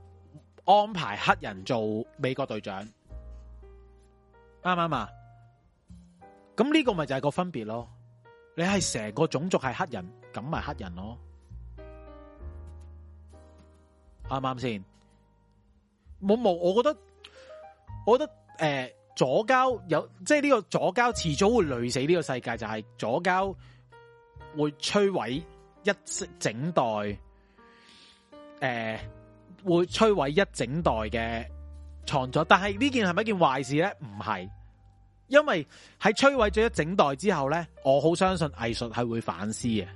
安排黑人做美國隊長，啱唔啱啊？咁呢個咪就係個分別咯？你係成個種族係黑人，咁咪黑人咯？啱唔啱先？冇，冇，我覺得，我覺得，誒、呃，左膠有，即係呢個左膠，遲早會累死呢個世界，就係、是、左膠會摧毀一整代。誒，會摧毀一整代嘅創作，但係呢件係咪一件壞事呢？唔係，因為喺摧毀咗一整代之後呢，我好相信藝術係會反思嘅，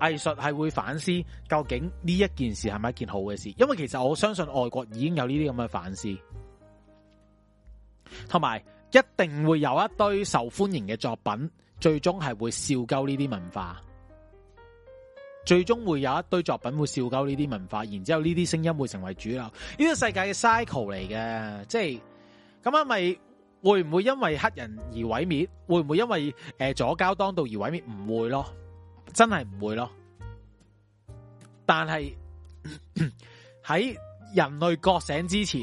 藝術係會反思究竟呢一件事係咪一件好嘅事？因為其實我相信外國已經有呢啲咁嘅反思，同埋一定會有一堆受歡迎嘅作品，最終係會笑鳩呢啲文化。最終會有一堆作品會笑鳩呢啲文化，然之後呢啲聲音會成為主流。呢個世界嘅 cycle 嚟嘅，即係咁啊，咪會唔會因為黑人而毀滅？會唔會因為誒、呃、左膠當道而毀滅？唔會咯，真係唔會咯。但係喺人類覺醒之前，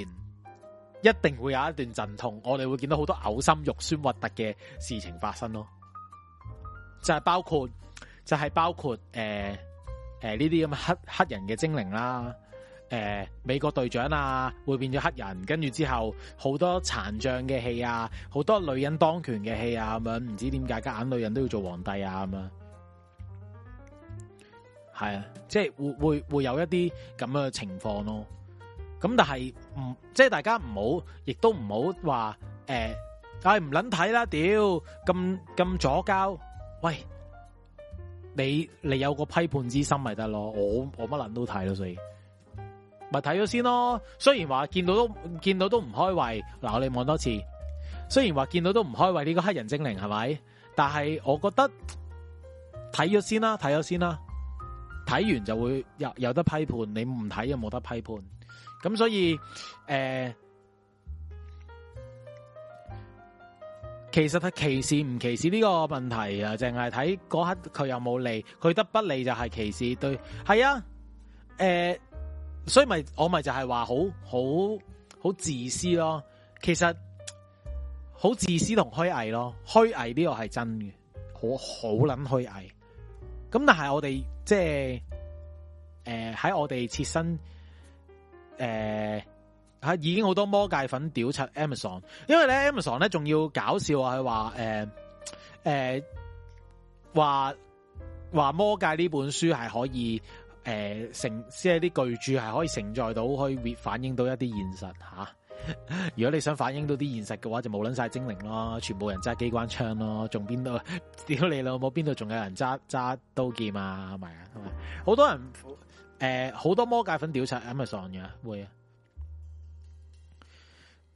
一定會有一段陣痛，我哋會見到好多嘔心肉酸、核突嘅事情發生咯。就係、是、包括，就係、是、包括誒。呃誒、呃，呢啲咁黑黑人嘅精靈啦，誒、呃，美國隊長啊，會變咗黑人，跟住之後好多殘障嘅戲啊，好多女人當權嘅戲啊，咁樣唔知點解夾硬女人都要做皇帝啊，咁樣，係啊，即係會會會有一啲咁嘅情況咯。咁但係唔即係大家唔好，亦都唔好話誒，但係唔捻睇啦，屌咁咁左膠，喂。你你有個批判之心咪得咯，我我乜捻都睇咯，所以咪睇咗先咯。雖然話見到都見到都唔開胃，嗱，我哋望多次。雖然話見到都唔開胃，呢個黑人精靈係咪？但係我覺得睇咗先啦，睇咗先啦。睇完就會有有得批判，你唔睇又冇得批判。咁所以誒。呃.其實係歧視唔歧視呢個問題啊，淨係睇嗰刻佢有冇利，佢得不利就係歧視對係啊，誒，所以咪我咪就係話好好好自私咯，其實好自私同虛偽咯，虛偽呢個係真嘅，好好捻虛偽。咁但係我哋即係誒喺我哋切身誒。呃吓，已經好多魔戒粉屌柒 Amazon，因為咧 Amazon 咧仲要搞笑啊，佢話誒誒話話魔戒呢本書係可以誒承即係啲巨著係可以承載到可以反映到一啲現實吓。啊、 如果你想反映到啲現實嘅話，就冇捻晒精靈咯，全部人揸機關槍咯，仲邊度屌你老母？邊度仲有人揸揸刀劍啊？係咪啊係咪好多人誒，好、呃、多魔戒粉屌柒 Amazon 嘅會啊。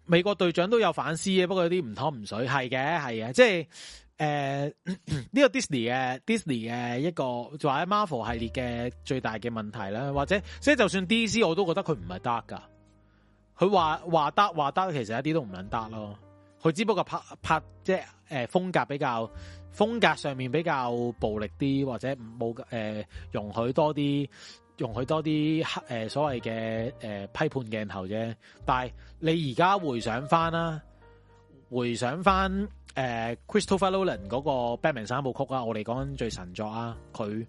美國隊長都有反思嘅，不過有啲唔湯唔水，係嘅係嘅，即係誒呢個 Disney 嘅 Disney 嘅一個，就話 Marvel 系列嘅最大嘅問題啦，或者即係就算 DC 我都覺得佢唔係得㗎，佢話話得話得，說 dark，說 dark 其實一啲都唔撚得咯，佢只不過拍拍即係誒、呃、風格比較風格上面比較暴力啲，或者冇誒、呃、容許多啲。用佢多啲黑所謂嘅、呃、批判鏡頭啫，但係你而家回想翻啦、啊，回想翻誒 Christopher Nolan 嗰個 Batman 三部曲啊，我哋講緊最神作啊，佢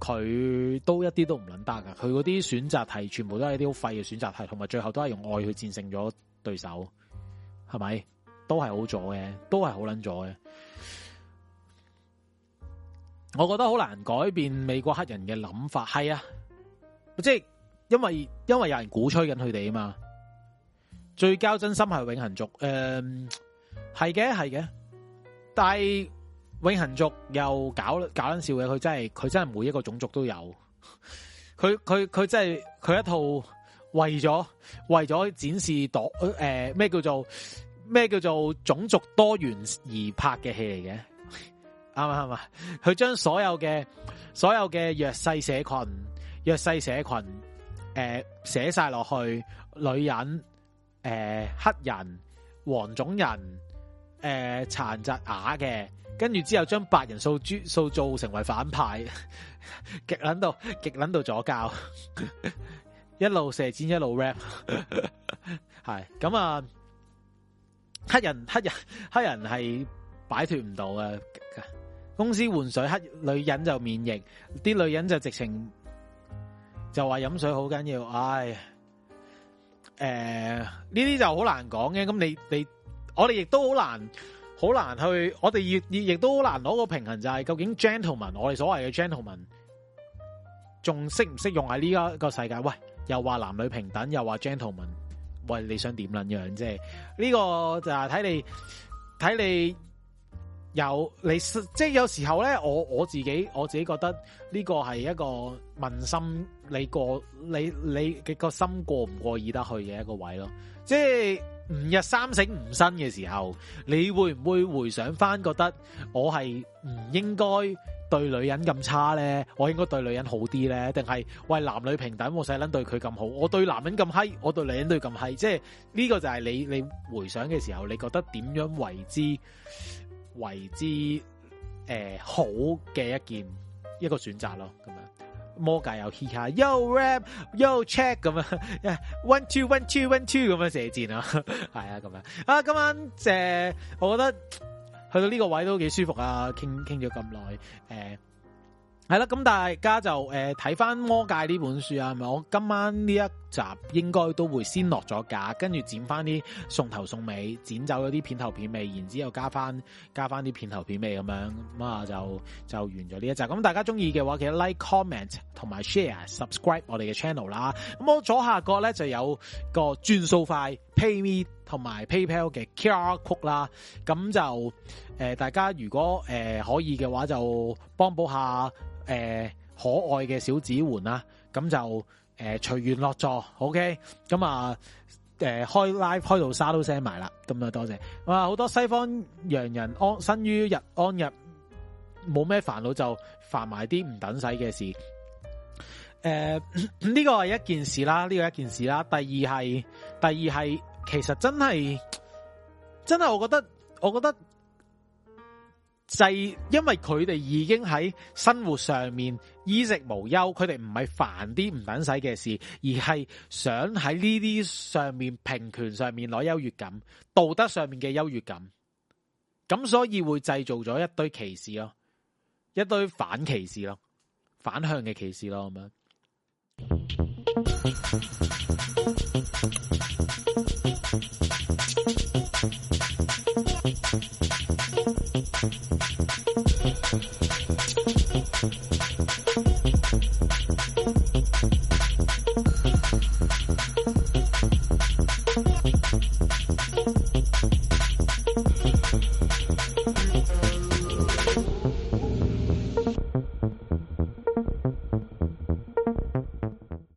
佢都一啲都唔撚得噶，佢嗰啲選擇題全部都係啲好廢嘅選擇題，同埋最後都係用愛去戰勝咗對手，係咪？都係好咗嘅，都係好撚咗嘅。我覺得好難改變美國黑人嘅諗法，係啊。即係因為因為有人鼓吹緊佢哋啊嘛，最交真心係永恆族誒，係嘅，係嘅，但係永恆族又搞搞緊笑嘅，佢真係佢真係每一個種族都有，佢佢佢真係佢一套為咗為咗展示多誒咩叫做咩叫做種族多元而拍嘅戲嚟嘅，啱嘛，啱嘛，佢將所有嘅所有嘅弱勢社群。弱勢社群，誒、呃，寫晒落去。女人，誒、呃、黑人、黃種人，誒、呃、殘疾瓦的、啞嘅，跟住之後將白人塑造成為反派，極捻到極捻到，到左膠， 一路射箭一路 rap，係咁啊。黑人黑人黑人係擺脫唔到啊。公司換水，黑女人就免疫，啲女人就直情。就話飲水好緊要，唉，誒、呃，呢啲就好難講嘅，咁你你，我哋亦都好難，好難去，我哋亦亦亦都好難攞個平衡，就係究竟 gentleman，我哋所謂嘅 gentleman，仲適唔適用喺呢個個世界？喂，又話男女平等，又話 gentleman，喂，你想點捻樣啫？呢個就係睇你，睇你。有你即係有時候咧，我我自己我自己覺得呢個係一個問心你過你你嘅個心過唔過意得去嘅一個位咯。即係吾日三省吾身嘅時候，你會唔會回想翻，覺得我係唔應該對女人咁差呢？我應該對女人好啲呢？定係喂，男女平等，我使捻對佢咁好，我對男人咁閪，我對女人都咁閪？即係呢個就係你你回想嘅時候，你覺得點樣為之？為之誒、呃、好嘅一件一個選擇咯，咁樣魔界有嘻哈，yo 又 rap 又 check 咁樣 yeah，one two one two one two 咁樣射箭啊，係啊咁樣啊今晚誒、呃，我覺得去到呢個位都幾舒服啊，傾傾咗咁耐誒。係啦，咁大家就誒睇翻《魔界》呢本書啊，係咪？我今晚呢一集應該都會先落咗架，跟住剪翻啲送頭送尾，剪走咗啲片頭片尾，然之後加翻加翻啲片頭片尾咁樣，咁啊就就完咗呢一集。咁大家中意嘅話，記得 like、comment 同埋 share、subscribe 我哋嘅 channel 啦。咁我左下角咧就有個轉數快 pay me。同埋 PayPal 嘅 QR Code 啦，咁就誒、呃，大家如果誒、呃、可以嘅話，就幫補下誒、呃、可愛嘅小指環啦。咁就誒、呃、隨緣落座，OK、嗯。咁、呃、啊，誒開 live 開到沙都聲埋啦。咁啊，多謝。哇、呃，好多西方洋人安生於日安日，冇咩煩惱就煩埋啲唔等使嘅事。誒、呃，呢個係一件事啦，呢個一件事啦。第二係，第二係。其實真係真係，我覺得我覺得就係，因為佢哋已經喺生活上面衣食無憂，佢哋唔係煩啲唔等使嘅事，而係想喺呢啲上面平權上面攞優越感，道德上面嘅優越感，咁所以會製造咗一堆歧視咯，一堆反歧視咯，反向嘅歧視咯咁樣。